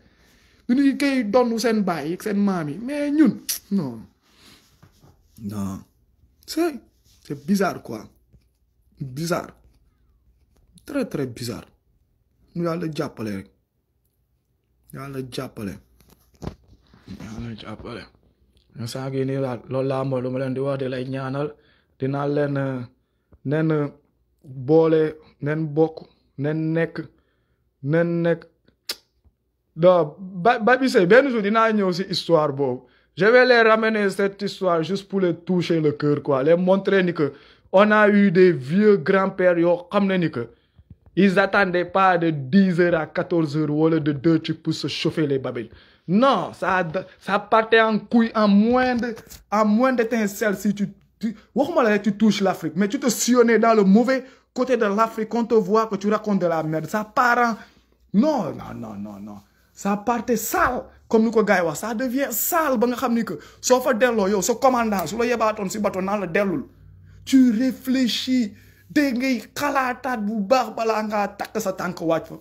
ni koy baye mais ñun non non c'est c'est bizarre quoi bizarre très très bizarre ñu yàlla jàppale rek yàlla jàppale yàlla jàppale sànq yi nii daal loolu laa mooy lu ma leen di wax di lay ñaanal dinaa leen nen boole nen bokk nen nekk nen nek do ba bi sey benn jour dinaa ñëw si histoire boobu Je vais les ramener cette histoire juste pour les toucher le cœur, quoi. Les montrer que on a eu des vieux grands-pères, comme les que ils n'attendaient pas de 10h à 14h ou de 2 tu pour se chauffer les babilles. Non, ça, ça partait en couille en moins d'étincelles si tu, tu, tu touches l'Afrique, mais tu te sillonnais dans le mauvais côté de l'Afrique, on te voit que tu racontes de la merde. Ça part en, non, non, non, non, non ça partait sale comme nous ko ça devient sale ba que sofa delo yo ce commandant su la si bato naan le tu réfléchis de ngay bu baax balaa ngaa sa tank wàcc fa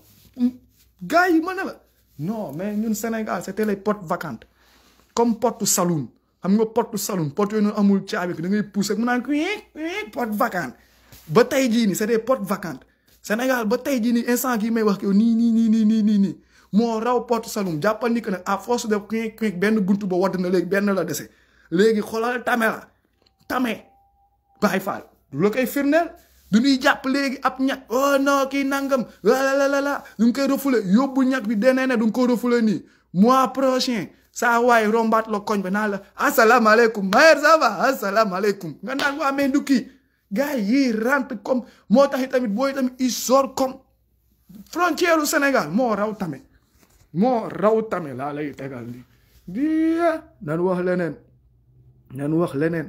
gars yi la non mais ñun Sénégal c'était les portes vacantes comme porte saloon xam nga porte saloon porte portes amul caabi da ngay pousser mu ba tay c'est des portes vacantes Sénégal ba tay instant may wax ni ni, ni, ni, ni, ni, moo raw porte saloum jàppal ni que à force de kuy kuy benn buntu ba wadd na léegi benn la dese léegi xoolal tame la tame Baay Faal du la koy firndeel du ñuy jàpp léegi ab ñag oh non kii nangam lalalala ñu ngi koy bi denee ne du nga ko refoulé nii mois prochain saa waay rombat lo koñ ba naa la asalaamaaleykum maire ça va asalaamaaleykum nga naan du kii gars yi moo tax tamit booy tamit il sort comme u Sénégal moo raw tame moo raw tamit laa lay tegal ni diya nan wax leneen nan wax leneen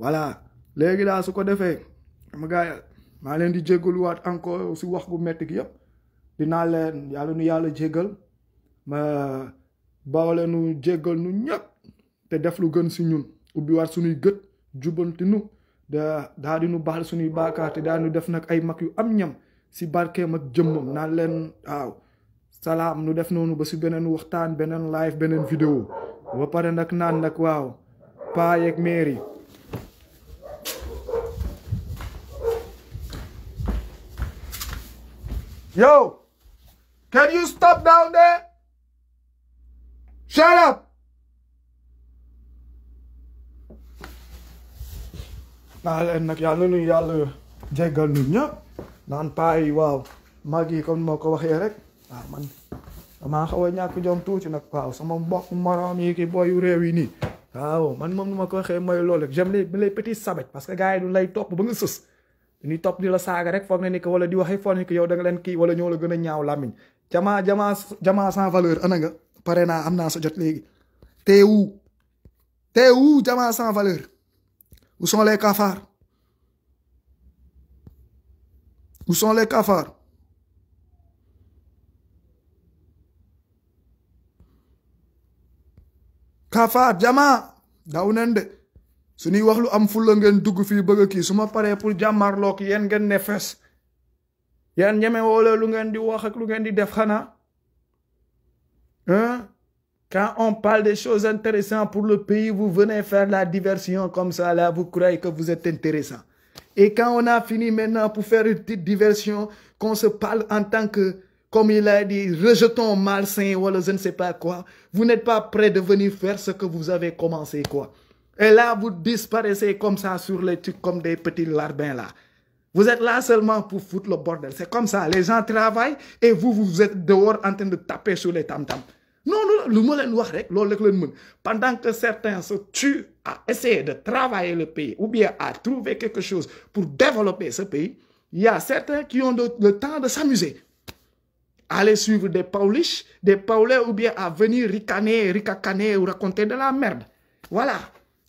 voilà léegi daal su ko defee am maa leen di jéggaluwaat encore si wax gu metti gi yëpp dinaa leen yàlla nu yàlla jéggal ma bawle nu jéggal nu ñëpp te def lu gën si ñun ubbiwaat suñuy gët jubanti nu da daa di nu baal suñuy baakaar te daa nu def nag ay mag yu am ñam si barkeem mag jëmmam naan leen waaw Salam, nu def nonu ba su benen waxtan benen live benen video. ba pare nak nan nak waw pa yek mairie Yo, can you stop down there? Shut up. Nah, enak ya yàlla nu yàlla jéggal nu ñëpp naan paa yi waaw mag comme waaw man damaa xaw a ñàkk jom tuuti nag waaw sama mbokk moroom yi ki boyu réew yi nii waaw man moom nu ma ko waxee mooy loolu rek j'aime les petits parce que gars yi du lay topp ba topp di la saaga rek foog ne ni que wala di waxee foog ne que yow leen kii wala ñoo la gën a ñaaw làmmiñ jamaa jamaa jamaa sans valeur ana nga pare naa am naa sa jot léegi teewu teewu jamaa sans valeur où sont les cafards hein quand on parle des choses intéressantes pour le pays vous venez faire la diversion comme ça là vous croyez que vous êtes intéressant et quand on a fini maintenant pour faire une petite diversion qu'on se parle en tant que comme il a dit, rejetons malsain ou je ne sais pas quoi. Vous n'êtes pas prêt de venir faire ce que vous avez commencé, quoi. Et là, vous disparaissez comme ça sur les trucs, comme des petits larbins, là. Vous êtes là seulement pour foutre le bordel. C'est comme ça. Les gens travaillent et vous, vous êtes dehors en train de taper sur les tam-tams. Non, non, le monde est Pendant que certains se tuent à essayer de travailler le pays ou bien à trouver quelque chose pour développer ce pays, il y a certains qui ont le temps de s'amuser aller suivre des pauliches, des Paulais ou bien à venir ricaner, ricacaner ou raconter de la merde. Voilà.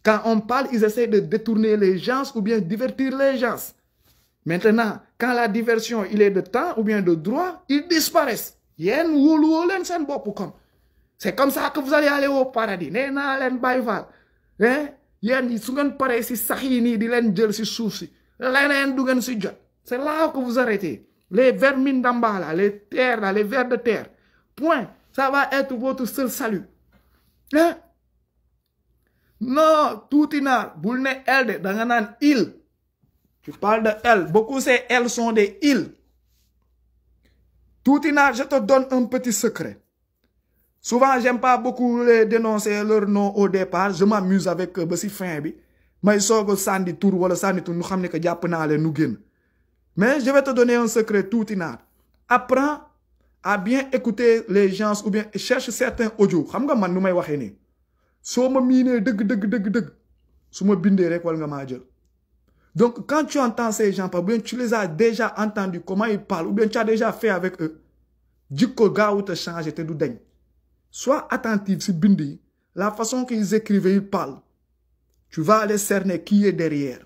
Quand on parle, ils essaient de détourner les gens ou bien divertir les gens. Maintenant, quand la diversion, il est de temps ou bien de droit, ils disparaissent. C'est comme ça que vous allez aller au paradis. Eh? C'est là que vous arrêtez les vermines d'en bas, les terres, les vers de terre. Point. Ça va être votre seul salut. Hein? Non, tout inar, elle des une il. Tu parles de elle. Beaucoup ces elles sont des îles. Tout je te donne un petit secret. Souvent, j'aime pas beaucoup les dénoncer leur nom au départ. Je m'amuse avec eux, fin, mais ils sont que Sandy Tour, ou Sandy Tour, nous savons que nous mais je vais te donner un secret tout inard. Apprends à bien écouter les gens ou bien cherche certains audios. nga man me deug, deug, nga Donc quand tu entends ces gens ou bien tu les as déjà entendus comment ils parlent ou bien tu as déjà fait avec eux jikko ou te change te du Sois attentif si bindi, la façon qu'ils écrivent ils parlent tu vas aller cerner qui est derrière.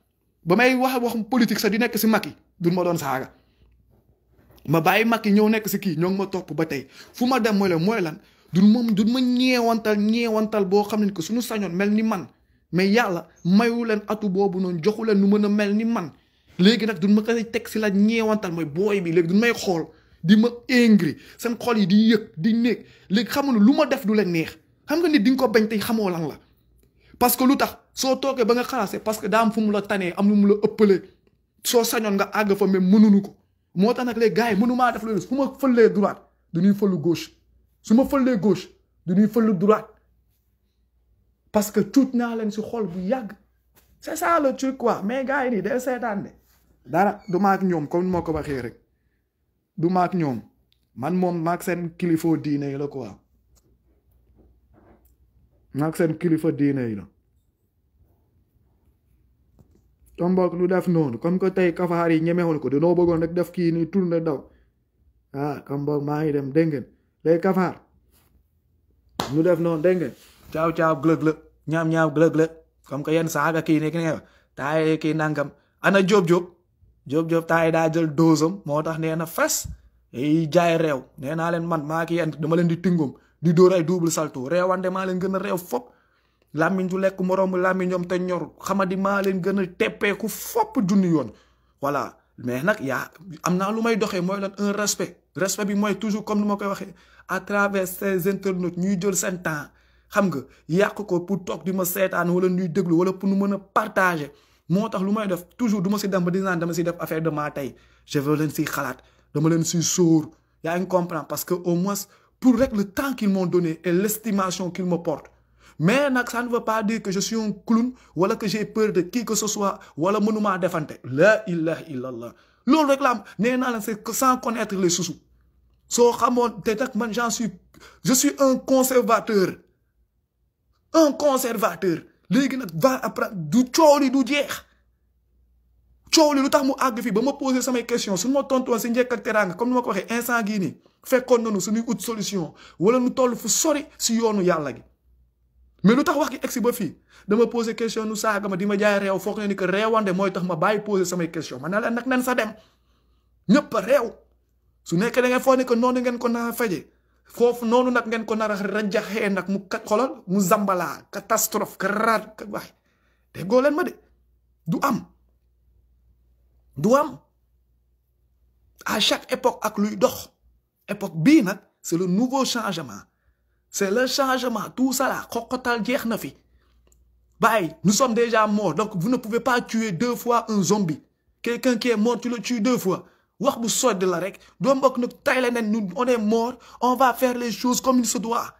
ba may wax waxum politique sax di nekk si Macky du ma doon saaga ma bàyyi Macky ñëw nekk si kii ñoo ma topp ba tey fu ma dem mooy mooy lan du moom du ma ñeewantal ñeewantal boo xam ne que suñu sañoon mel ni man mais yàlla mayu leen atu boobu noonu joxu leen nu mën a mel ni man léegi nag du ma koy teg si la ñeewantal mooy booy bi léegi du may xool di ma engri seen xol yi di yëg di néeg léegi xamu ne lu ma def du leen neex xam nga nit di ko bañ tey xamoo lan la parce lu tax soo toogee ba nga xalaat parce que daam fu mu la tanee am lu mu la ëpple soo sañoon nga àgg fa mais mënuñu ko moo tax nag les gars yi mënumaa def loolu su ma fëllee droite du ñuy fëlu gauche su ma fëlee gauche du ñuy fëllu droite parce que tuut naa leen si xol bu yàgg c'est ça le truc quoi mais gars yi nii day seetaan de dara du maak ñoom comme moo ko waxee rek du maak ñoom man moom maak seen kilifa diine yi la quoi maak seen kilifa diine yi la. tombook lu def noonu comme que tey kafaar yi ñeme woon ko dañoo bëggoon rek def kii nii tourné daw ah comme boog maa ngi dem dégg ngeen day kafaar lu def noonu dégg ngeen caaw caaw glëg la ñaam ñaaw glëg la comme que yenn saaga kii nii ki ne taay kii nangam ana job job job Diop taay daa jël dosam moo tax nee na fes yi jaay réew nee naa leen man maa ki yenn dama leen di tingom di dóor ay double salto réewante maa leen gën a réew fop làmmiñ du lek morom làmmiñ ñom te ñor xamadi ma leen gëna a teppeeku fop junni yoon voilà mais nak ya amna lu may doxé moy lan un respect respect bi moy toujours comme nous ma koy à travers ces internautes ñuy jël sen temps xam nga yàq ko pour tok di ma seetaan wala ñuy déglu wala pour nu mën partager motax lu may def toujours du ci si dem ba di naan dama ci def affaire de ma tay je veux leen ci xalat dama leen ci sour ya ngi comprendre parce que au moins pour rek le temps qu'ils m'ont donné et l'estimation qu'ils me portent mais nak, ça ne veut pas dire que je suis un clown ou que j'ai peur de qui que ce soit wala que je la ilaha illallah loolu rek la am nee L'autre réclame, c'est sans connaître les soucis. soo j'en suis je suis un conservateur un conservateur léegi va apprendre du coow du jeex coow li lu tax fi, ba ma posé samay question c'est ma tontoon si njëkk ak comme nous ma ko un instant gii nii fekkoon nous avons une solution wala nu toll fu sori si yoonu yàlla mais lu tax wax gi egsi ba fii dama posé question nu saaga ma di ma jaay réew foog ne ni que réewande mooy tax ma bàyyi posé samay question man na leen nag nen sa dem ñëpp a réew su nekkee da ngeen foog ne que noonu ngeen ko nar a faje foofu noonu nag ngeen ko nar a rajaxee nak mu kat xolal mu zambalaa catastrophe ka raar ka waay déggoo leen ma de du am du am à chaque époque ak luy dox époque bii nag c'est le nouveau changement c'est le changement tout ça là nous sommes déjà morts donc vous ne pouvez pas tuer deux fois un zombie quelqu'un qui est mort tu le tues deux fois on est mort on va faire les choses comme il se doit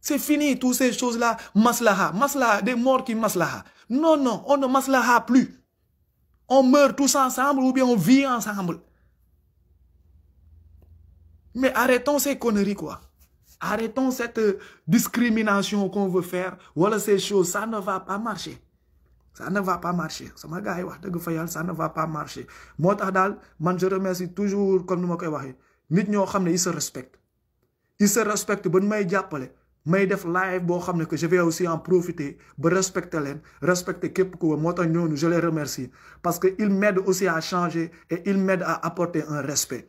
c'est fini toutes ces choses là maslaha maslaha des morts qui maslaha non non on ne maslaha plus on meurt tous ensemble ou bien on vit ensemble mais arrêtons ces conneries quoi Arrêtons cette euh, discrimination qu'on veut faire. Voilà ces choses, ça ne va pas marcher. ça ne va pas marcher ça ne va pas marcher moi je remercie toujours comme nous ma koy ils se respectent ils se respectent live je vais aussi en profiter Je respecter les gens, je les remercie parce qu'ils m'aident aussi à changer et ils m'aident à apporter un respect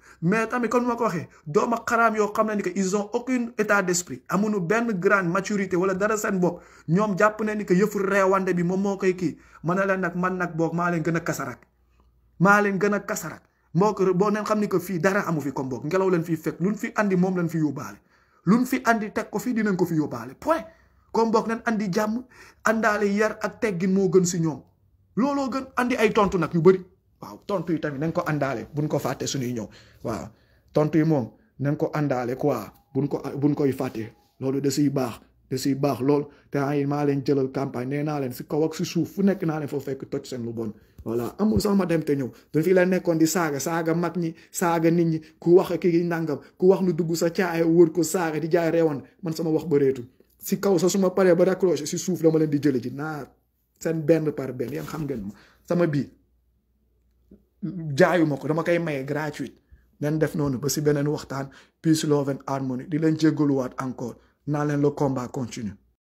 mais tamit comme ma ko waxee doomu xaraam yoo xam ne ni que ils ont aucun état d'esprit nu benn grande maturité wala dara seen bopp ñoom jàpp ne ni que yëfu reewande bi moom moo koy kii mën na leen nag man nag boog maa leen gën a kasarak maa leen gën a kasarak mbokk boo neen xam ni que fii dara amu fi comme boog ngelaw fii fekk luñ fi andi moom leen fi yóbbaale luñ fi andi teg ko fii dinañ ko fi yóbbaale point comme boog neen andi jàmm àndaale yar ak teggin moo gën si ñoom looloo gën andi ay tontu nag yu bëri waaw tontu yi tamit nañ ko àndaale buñ ko fàttee suñuy ñëw waaw tontu yi moom nañ ko àndaale quoi buñ ko buñ koy fàttee loolu da siy baax da siy baax lool te ay maa leen jëlal campagne nee naa leen si kaw ak suuf fu nekk naa leen foo fekk toj seen lu bon. voilà amul sax ma dem te ñëw dañ fi la nekkoon di saaga saaga mag ñi saaga nit ñi ku wax kii nàngam ku wax nu dugg sa caaya wur ko saaga di jaay reewan man sama wax ba reetu si kaw sa suma paree ba raccroché si suuf dama leen di jële ji naa seen benn par benn yéen xam ngeen ma sama bii. jaayuma ko dama koy maye gratuite nen def noonu ba si beneen waxtaan peace love and harmony di leen jéggaluwaat encore naa leen le combat continue